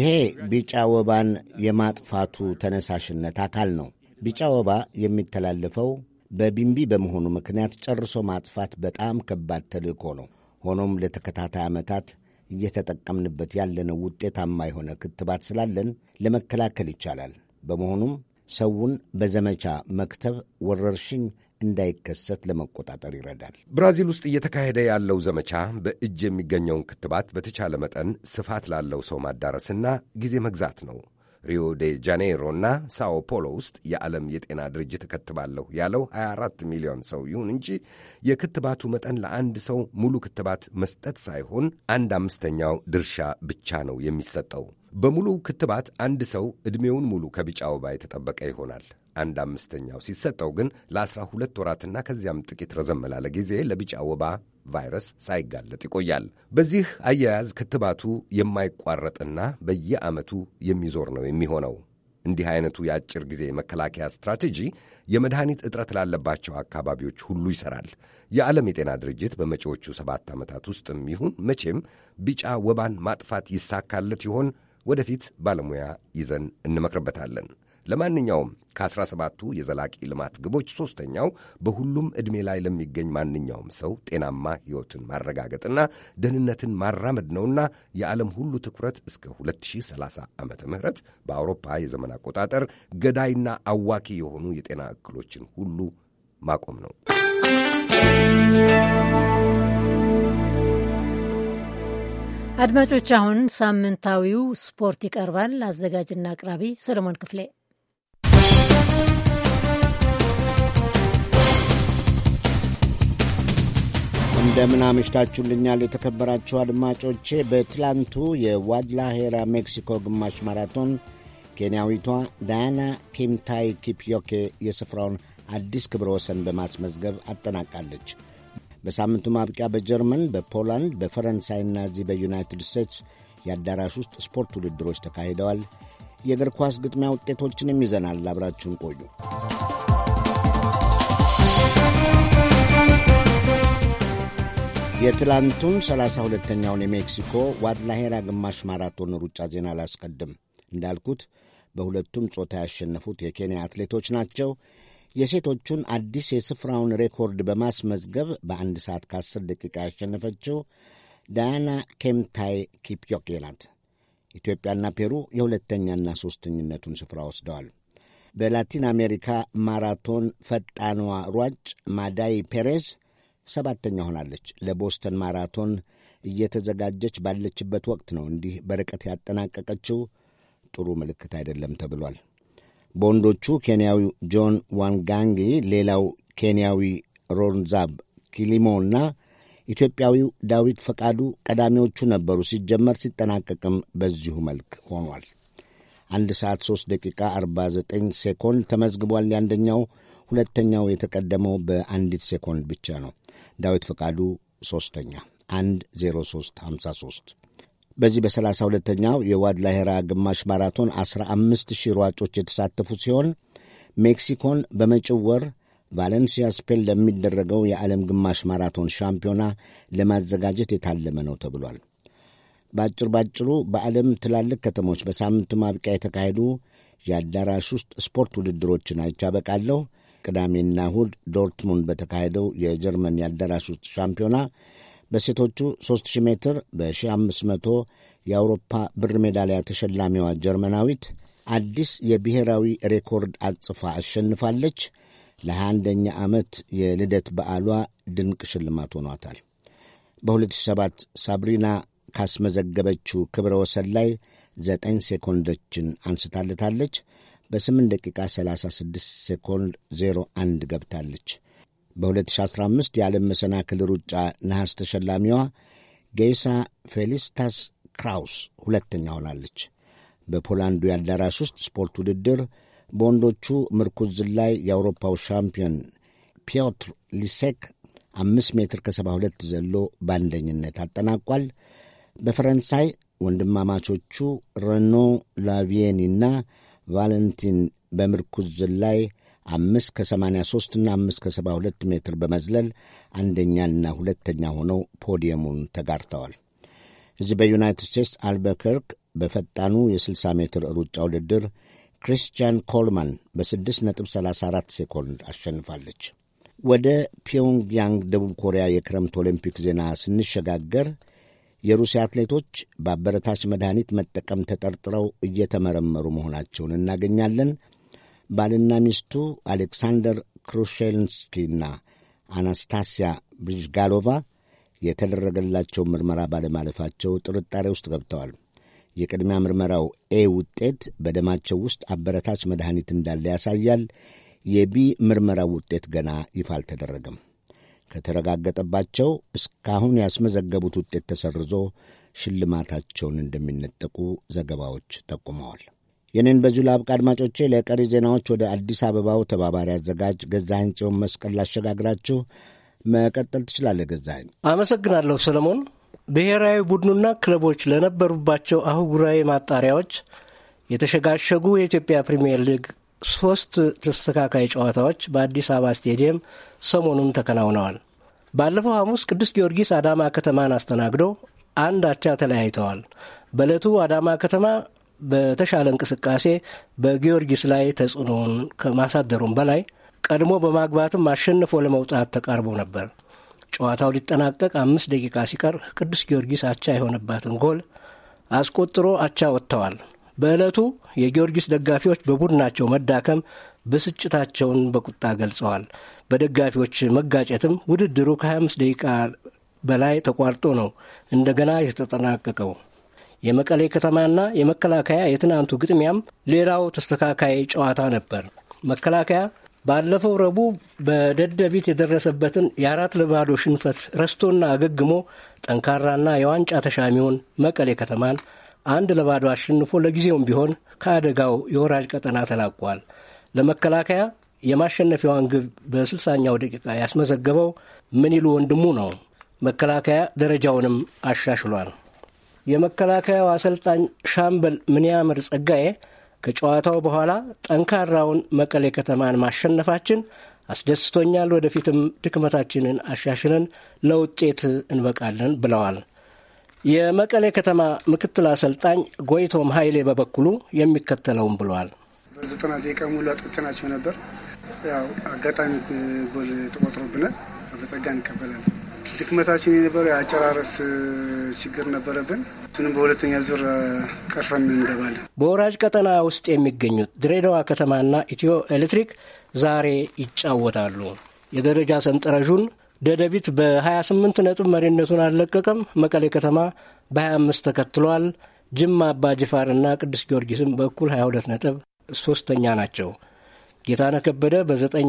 ይሄ ቢጫ ወባን የማጥፋቱ ተነሳሽነት አካል ነው። ቢጫ ወባ የሚተላለፈው በቢምቢ በመሆኑ ምክንያት ጨርሶ ማጥፋት በጣም ከባድ ተልእኮ ነው። ሆኖም ለተከታታይ ዓመታት እየተጠቀምንበት ያለነው ውጤታማ የሆነ ክትባት ስላለን ለመከላከል ይቻላል። በመሆኑም ሰውን በዘመቻ መክተብ ወረርሽኝ እንዳይከሰት ለመቆጣጠር ይረዳል። ብራዚል ውስጥ እየተካሄደ ያለው ዘመቻ በእጅ የሚገኘውን ክትባት በተቻለ መጠን ስፋት ላለው ሰው ማዳረስና ጊዜ መግዛት ነው። ሪዮ ዴ ጃኔይሮና ሳኦ ፖሎ ውስጥ የዓለም የጤና ድርጅት እከትባለሁ ያለው 24 ሚሊዮን ሰው ይሁን እንጂ የክትባቱ መጠን ለአንድ ሰው ሙሉ ክትባት መስጠት ሳይሆን አንድ አምስተኛው ድርሻ ብቻ ነው የሚሰጠው። በሙሉ ክትባት አንድ ሰው ዕድሜውን ሙሉ ከቢጫ ወባ የተጠበቀ ይሆናል። አንድ አምስተኛው ሲሰጠው ግን ለ ሁለት ወራትና ከዚያም ጥቂት ረዘም ላለ ጊዜ ለቢጫ ወባ ቫይረስ ሳይጋለጥ ይቆያል። በዚህ አያያዝ ክትባቱ የማይቋረጥና በየዓመቱ የሚዞር ነው የሚሆነው። እንዲህ አይነቱ የአጭር ጊዜ መከላከያ ስትራቴጂ የመድኃኒት እጥረት ላለባቸው አካባቢዎች ሁሉ ይሠራል። የዓለም የጤና ድርጅት በመጪዎቹ ሰባት ዓመታት ውስጥም ይሁን መቼም ቢጫ ወባን ማጥፋት ይሳካለት ይሆን? ወደፊት ባለሙያ ይዘን እንመክርበታለን። ለማንኛውም ከ17ቱ የዘላቂ ልማት ግቦች ሦስተኛው በሁሉም ዕድሜ ላይ ለሚገኝ ማንኛውም ሰው ጤናማ ሕይወትን ማረጋገጥና ደህንነትን ማራመድ ነውና የዓለም ሁሉ ትኩረት እስከ 2030 ዓ ም በአውሮፓ የዘመን አቆጣጠር ገዳይና አዋኪ የሆኑ የጤና እክሎችን ሁሉ ማቆም ነው። አድማጮች፣ አሁን ሳምንታዊው ስፖርት ይቀርባል። አዘጋጅና አቅራቢ ሰለሞን ክፍሌ እንደምን አመሽታችሁልኛል የተከበራችሁ አድማጮቼ። በትላንቱ የዋድላሄራ ሜክሲኮ ግማሽ ማራቶን ኬንያዊቷ ዳያና ኪምታይ ኪፕዮኬ የስፍራውን አዲስ ክብረ ወሰን በማስመዝገብ አጠናቃለች። በሳምንቱ ማብቂያ በጀርመን፣ በፖላንድ፣ በፈረንሳይና እዚህ በዩናይትድ ስቴትስ የአዳራሽ ውስጥ ስፖርት ውድድሮች ተካሂደዋል። የእግር ኳስ ግጥሚያ ውጤቶችንም ይዘናል። አብራችሁን ቆዩ። የትላንቱን 32ተኛውን የሜክሲኮ ዋድላሄራ ግማሽ ማራቶን ሩጫ ዜና አላስቀድም። እንዳልኩት በሁለቱም ጾታ ያሸነፉት የኬንያ አትሌቶች ናቸው። የሴቶቹን አዲስ የስፍራውን ሬኮርድ በማስመዝገብ በአንድ ሰዓት ከ10 ደቂቃ ያሸነፈችው ዳያና ኬምታይ ኪፕዮኬ ናት። ኢትዮጵያና ፔሩ የሁለተኛና ሦስተኝነቱን ስፍራ ወስደዋል። በላቲን አሜሪካ ማራቶን ፈጣኗ ሯጭ ማዳይ ፔሬዝ ሰባተኛ ሆናለች። ለቦስተን ማራቶን እየተዘጋጀች ባለችበት ወቅት ነው እንዲህ በርቀት ያጠናቀቀችው። ጥሩ ምልክት አይደለም ተብሏል። በወንዶቹ ኬንያዊው ጆን ዋንጋንጊ፣ ሌላው ኬንያዊ ሮንዛብ ኪሊሞ እና ኢትዮጵያዊው ዳዊት ፈቃዱ ቀዳሚዎቹ ነበሩ። ሲጀመር ሲጠናቀቅም በዚሁ መልክ ሆኗል። አንድ ሰዓት 3 ደቂቃ 49 ሴኮንድ ተመዝግቧል። የአንደኛው ሁለተኛው የተቀደመው በአንዲት ሴኮንድ ብቻ ነው። ዳዊት ፈቃዱ ሦስተኛ 1:03:53 በዚህ በ32ኛው የዋድላሄራ ግማሽ ማራቶን 15 ሺህ ሯጮች የተሳተፉ ሲሆን ሜክሲኮን በመጭው ወር ቫለንሲያ ስፔን ለሚደረገው የዓለም ግማሽ ማራቶን ሻምፒዮና ለማዘጋጀት የታለመ ነው ተብሏል። በአጭር ባጭሩ በዓለም ትላልቅ ከተሞች በሳምንቱ ማብቂያ የተካሄዱ የአዳራሽ ውስጥ ስፖርት ውድድሮችን አይቻበቃለሁ። ቅዳሜና እሁድ ዶርትሙንድ በተካሄደው የጀርመን የአዳራሽ ውስጥ ሻምፒዮና በሴቶቹ 3000 ሜትር በ1500 የአውሮፓ ብር ሜዳሊያ ተሸላሚዋ ጀርመናዊት አዲስ የብሔራዊ ሬኮርድ አጽፋ አሸንፋለች። ለ ዓመት የልደት በዓሏ ድንቅ ሽልማት ሆኗታል። በ2007 ሳብሪና ካስመዘገበችው ክብረ ወሰን ላይ ዘጠኝ ሴኮንዶችን አንስታልታለች። በ8 ደቂቃ 36 ሴኮንድ 01 ገብታለች። በ2015 የዓለም መሰናክል ሩጫ ነሐስ ተሸላሚዋ ጌይሳ ፌሊስታስ ክራውስ ሁለተኛ ሆናለች። በፖላንዱ የአዳራሽ ውስጥ ስፖርት ውድድር በወንዶቹ ምርኩዝ ዝላይ የአውሮፓው ሻምፒዮን ፒዮትር ሊሴክ አምስት ሜትር ከሰባ ሁለት ዘሎ በአንደኝነት አጠናቋል። በፈረንሳይ ወንድማማቾቹ ረኖ ላቪዬኒና ቫለንቲን በምርኩዝ ዝላይ አምስት ከሰማንያ ሦስትና አምስት ከሰባ ሁለት ሜትር በመዝለል አንደኛና ሁለተኛ ሆነው ፖዲየሙን ተጋርተዋል። እዚህ በዩናይትድ ስቴትስ አልበከርክ በፈጣኑ የ60 ሜትር ሩጫ ውድድር ክሪስቲያን ኮልማን በ6.34 ሴኮንድ አሸንፋለች። ወደ ፒዮንግያንግ ደቡብ ኮሪያ የክረምት ኦሊምፒክ ዜና ስንሸጋገር የሩሲያ አትሌቶች በአበረታች መድኃኒት መጠቀም ተጠርጥረው እየተመረመሩ መሆናቸውን እናገኛለን። ባልና ሚስቱ አሌክሳንደር ክሩሼልንስኪና አናስታሲያ ብሪጅጋሎቫ የተደረገላቸው ምርመራ ባለማለፋቸው ጥርጣሬ ውስጥ ገብተዋል። የቅድሚያ ምርመራው ኤ ውጤት በደማቸው ውስጥ አበረታች መድኃኒት እንዳለ ያሳያል። የቢ ምርመራው ውጤት ገና ይፋ አልተደረገም። ከተረጋገጠባቸው እስካሁን ያስመዘገቡት ውጤት ተሰርዞ ሽልማታቸውን እንደሚነጠቁ ዘገባዎች ጠቁመዋል። የኔን በዚሁ ላብቃ። አድማጮቼ፣ ለቀሪ ዜናዎች ወደ አዲስ አበባው ተባባሪ አዘጋጅ ገዛኸኝ ጽዮን መስቀል ላሸጋግራችሁ። መቀጠል ትችላለህ ገዛኸኝ። አመሰግናለሁ ሰለሞን። ብሔራዊ ቡድኑና ክለቦች ለነበሩባቸው አህጉራዊ ማጣሪያዎች የተሸጋሸጉ የኢትዮጵያ ፕሪምየር ሊግ ሶስት ተስተካካይ ጨዋታዎች በአዲስ አበባ ስቴዲየም ሰሞኑን ተከናውነዋል። ባለፈው ሐሙስ ቅዱስ ጊዮርጊስ አዳማ ከተማን አስተናግዶ አንድ አቻ ተለያይተዋል። በዕለቱ አዳማ ከተማ በተሻለ እንቅስቃሴ በጊዮርጊስ ላይ ተጽዕኖውን ከማሳደሩም በላይ ቀድሞ በማግባትም አሸንፎ ለመውጣት ተቃርቦ ነበር። ጨዋታው ሊጠናቀቅ አምስት ደቂቃ ሲቀር ቅዱስ ጊዮርጊስ አቻ የሆነባትን ጎል አስቆጥሮ አቻ ወጥተዋል። በዕለቱ የጊዮርጊስ ደጋፊዎች በቡድናቸው መዳከም ብስጭታቸውን በቁጣ ገልጸዋል። በደጋፊዎች መጋጨትም ውድድሩ ከ25 ደቂቃ በላይ ተቋርጦ ነው እንደገና የተጠናቀቀው። የመቀሌ ከተማና የመከላከያ የትናንቱ ግጥሚያም ሌላው ተስተካካይ ጨዋታ ነበር። መከላከያ ባለፈው ረቡዕ በደደቢት የደረሰበትን የአራት ለባዶ ሽንፈት ረስቶና አገግሞ ጠንካራና የዋንጫ ተሻሚውን መቀሌ ከተማን አንድ ለባዶ አሸንፎ ለጊዜውም ቢሆን ከአደጋው የወራጅ ቀጠና ተላቋል። ለመከላከያ የማሸነፊያዋን ግብ በስልሳኛው ደቂቃ ያስመዘገበው ምን ይሉ ወንድሙ ነው። መከላከያ ደረጃውንም አሻሽሏል። የመከላከያው አሰልጣኝ ሻምበል ምንያምር ጸጋዬ ከጨዋታው በኋላ ጠንካራውን መቀሌ ከተማን ማሸነፋችን አስደስቶኛል። ወደፊትም ድክመታችንን አሻሽለን ለውጤት እንበቃለን ብለዋል። የመቀሌ ከተማ ምክትል አሰልጣኝ ጎይቶም ኃይሌ በበኩሉ የሚከተለውን ብለዋል። በዘጠና ደቂቃ ሙሉ አጥቅተናቸው ነበር። ያው አጋጣሚ ጎል ተቆጥሮብናል። በጸጋ እንቀበላለን ድክመታችን የነበረው የአጨራረስ ችግር ነበረብን። እሱንም በሁለተኛ ዙር ቀርፈን እንገባለን። በወራጅ ቀጠና ውስጥ የሚገኙት ድሬዳዋ ከተማና ኢትዮ ኤሌክትሪክ ዛሬ ይጫወታሉ። የደረጃ ሰንጠረዡን ደደቢት በ28 ነጥብ መሪነቱን አልለቀቀም። መቀሌ ከተማ በ25 ተከትሏል። ጅማ አባ ጅፋርና ቅዱስ ጊዮርጊስም በእኩል 22 ነጥብ ሶስተኛ ናቸው። ጌታነ ከበደ በዘጠኝ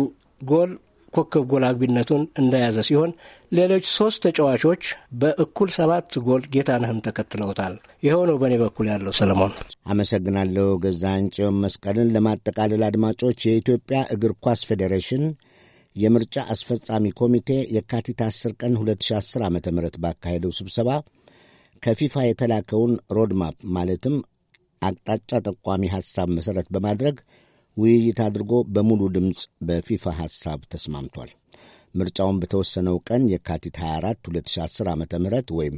ጎል ኮከብ ጎል አግቢነቱን እንደያዘ ሲሆን ሌሎች ሶስት ተጫዋቾች በእኩል ሰባት ጎል ጌታነህን ተከትለውታል። ይኸው ነው በእኔ በኩል ያለው። ሰለሞን አመሰግናለሁ። ገዛኸኝ ጽዮን መስቀልን። ለማጠቃለል አድማጮች የኢትዮጵያ እግር ኳስ ፌዴሬሽን የምርጫ አስፈጻሚ ኮሚቴ የካቲት 10 ቀን 2010 ዓ ም ባካሄደው ስብሰባ ከፊፋ የተላከውን ሮድማፕ ማለትም አቅጣጫ ጠቋሚ ሐሳብ መሠረት በማድረግ ውይይት አድርጎ በሙሉ ድምፅ በፊፋ ሐሳብ ተስማምቷል። ምርጫውን በተወሰነው ቀን የካቲት 24 2010 ዓ ም ወይም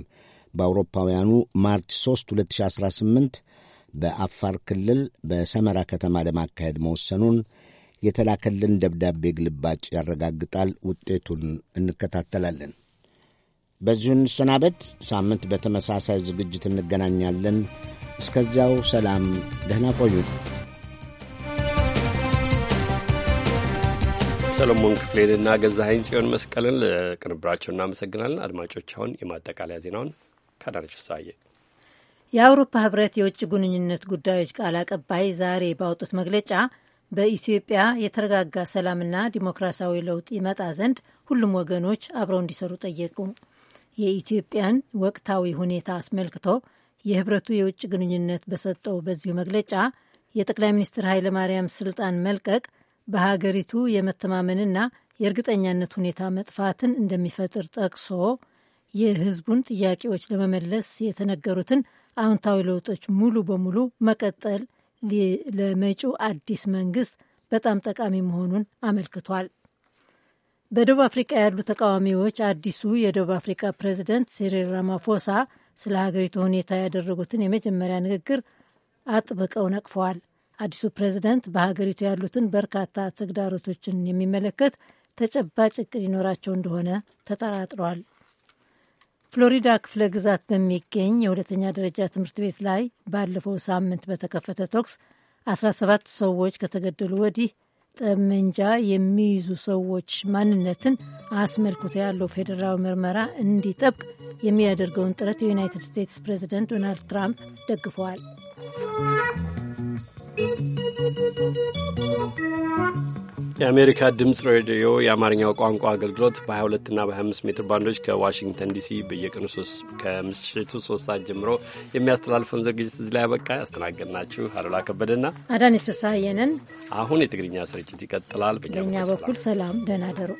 በአውሮፓውያኑ ማርች 3 2018 በአፋር ክልል በሰመራ ከተማ ለማካሄድ መወሰኑን የተላከልን ደብዳቤ ግልባጭ ያረጋግጣል። ውጤቱን እንከታተላለን። በዚሁ እንሰናበት። ሳምንት በተመሳሳይ ዝግጅት እንገናኛለን። እስከዚያው ሰላም፣ ደህና ቆዩ። ሰለሞን ክፍሌንና ገዛኸኝ ጽዮን መስቀልን ለቅንብራቸው እናመሰግናለን። አድማጮች፣ አሁን የማጠቃለያ ዜናውን ከዳነች ፍሳዬ። የአውሮፓ ህብረት የውጭ ግንኙነት ጉዳዮች ቃል አቀባይ ዛሬ ባወጡት መግለጫ በኢትዮጵያ የተረጋጋ ሰላምና ዲሞክራሲያዊ ለውጥ ይመጣ ዘንድ ሁሉም ወገኖች አብረው እንዲሰሩ ጠየቁ። የኢትዮጵያን ወቅታዊ ሁኔታ አስመልክቶ የህብረቱ የውጭ ግንኙነት በሰጠው በዚሁ መግለጫ የጠቅላይ ሚኒስትር ኃይለማርያም ስልጣን መልቀቅ በሀገሪቱ የመተማመንና የእርግጠኛነት ሁኔታ መጥፋትን እንደሚፈጥር ጠቅሶ የህዝቡን ጥያቄዎች ለመመለስ የተነገሩትን አዎንታዊ ለውጦች ሙሉ በሙሉ መቀጠል ለመጪው አዲስ መንግስት በጣም ጠቃሚ መሆኑን አመልክቷል። በደቡብ አፍሪካ ያሉ ተቃዋሚዎች አዲሱ የደቡብ አፍሪካ ፕሬዚደንት ሲሪል ራማፎሳ ስለ ሀገሪቱ ሁኔታ ያደረጉትን የመጀመሪያ ንግግር አጥብቀው ነቅፈዋል። አዲሱ ፕሬዝደንት በሀገሪቱ ያሉትን በርካታ ተግዳሮቶችን የሚመለከት ተጨባጭ እቅድ ይኖራቸው እንደሆነ ተጠራጥሯል። ፍሎሪዳ ክፍለ ግዛት በሚገኝ የሁለተኛ ደረጃ ትምህርት ቤት ላይ ባለፈው ሳምንት በተከፈተ ተኩስ 17 ሰዎች ከተገደሉ ወዲህ ጠመንጃ የሚይዙ ሰዎች ማንነትን አስመልክቶ ያለው ፌዴራዊ ምርመራ እንዲጠብቅ የሚያደርገውን ጥረት የዩናይትድ ስቴትስ ፕሬዝደንት ዶናልድ ትራምፕ ደግፈዋል። የአሜሪካ ድምፅ ሬዲዮ የአማርኛው ቋንቋ አገልግሎት በ22 እና በ25 ሜትር ባንዶች ከዋሽንግተን ዲሲ በየቀኑ ከምሽቱ 3 ሰዓት ጀምሮ የሚያስተላልፈውን ዝግጅት እዚህ ላይ ያበቃ። ያስተናገድናችሁ አሉላ ከበደና አዳነች ፍስሐየንን። አሁን የትግርኛ ስርጭት ይቀጥላል። በእኛ በኩል ሰላም፣ ደህና ደሩ።